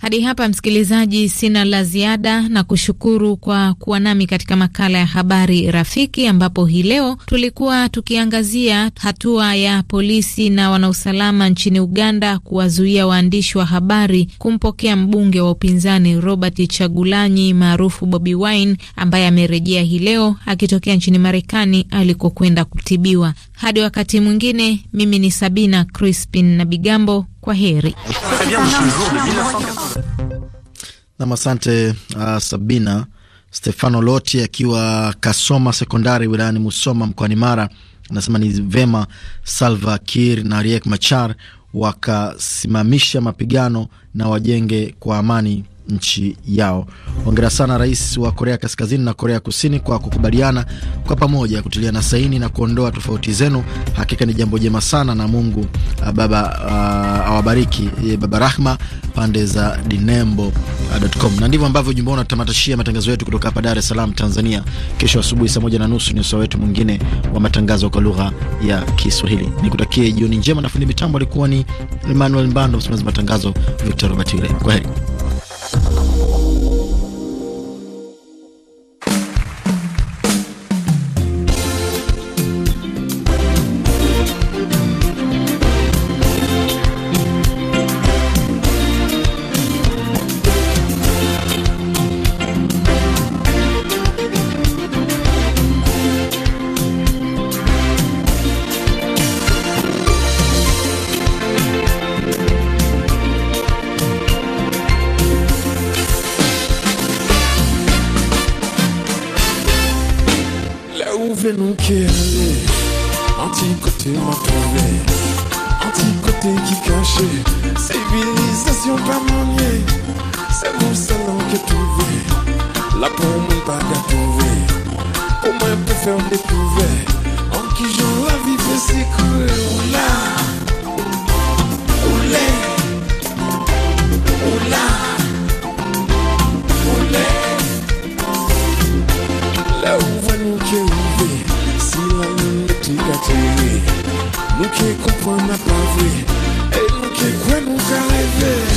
Hadi hapa, msikilizaji, sina la ziada na kushukuru kwa kuwa nami katika makala ya habari rafiki, ambapo hii leo tulikuwa tukiangazia hatua ya ya polisi na wanausalama nchini Uganda kuwazuia waandishi wa habari kumpokea mbunge wa upinzani Robert Chagulanyi maarufu Bobi Wine ambaye amerejea hii leo akitokea nchini Marekani alikokwenda kutibiwa. Hadi wakati mwingine, mimi ni Sabina Crispin na Bigambo, kwa heri. Nam, asante uh, Sabina. Stefano Loti akiwa Kasoma sekondari wilayani Musoma mkoani Mara inasema ni vema Salva Kiir na Riek Machar wakasimamisha mapigano na wajenge kwa amani nchi yao. Hongera sana rais wa Korea Kaskazini na Korea Kusini kwa kukubaliana kwa pamoja kutilia na saini na kuondoa tofauti zenu. Hakika ni jambo jema sana, na Mungu ah, baba ah, awabariki eh, baba Rahma pande za dinembo.com. Ah, na ndivyo ambavyo ujumbe unatamatishia matangazo yetu kutoka hapa Dar es Salaam, Tanzania. Kesho asubuhi saa moja na nusu ni usawa wetu mwingine wa matangazo kwa lugha ya Kiswahili. Nikutakie jioni njema, na fundi mitambo alikuwa ni Emmanuel Mbando, msimamizi matangazo Victor Robert Kwa heri. Bye. que nous qui En côté m'a trouvé En côté qui cachait Civilisation pas C'est mon salon qui est trouvé La peau pas qu'à trouver Pour peut je peux faire découvert Pa vwi, e mou ki kwen mou ka le vwi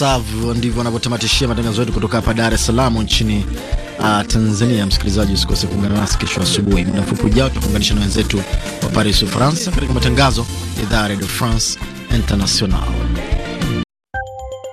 Masavu ndivyo wanavyotamatishia matangazo yetu kutoka hapa Dar es Salaam nchini uh, Tanzania. Msikilizaji, usikose kuungana nasi kesho asubuhi. Muda mfupi ujao tutakuunganisha na wenzetu wa Paris, Ufaransa, katika matangazo idhaa ya Radio France International.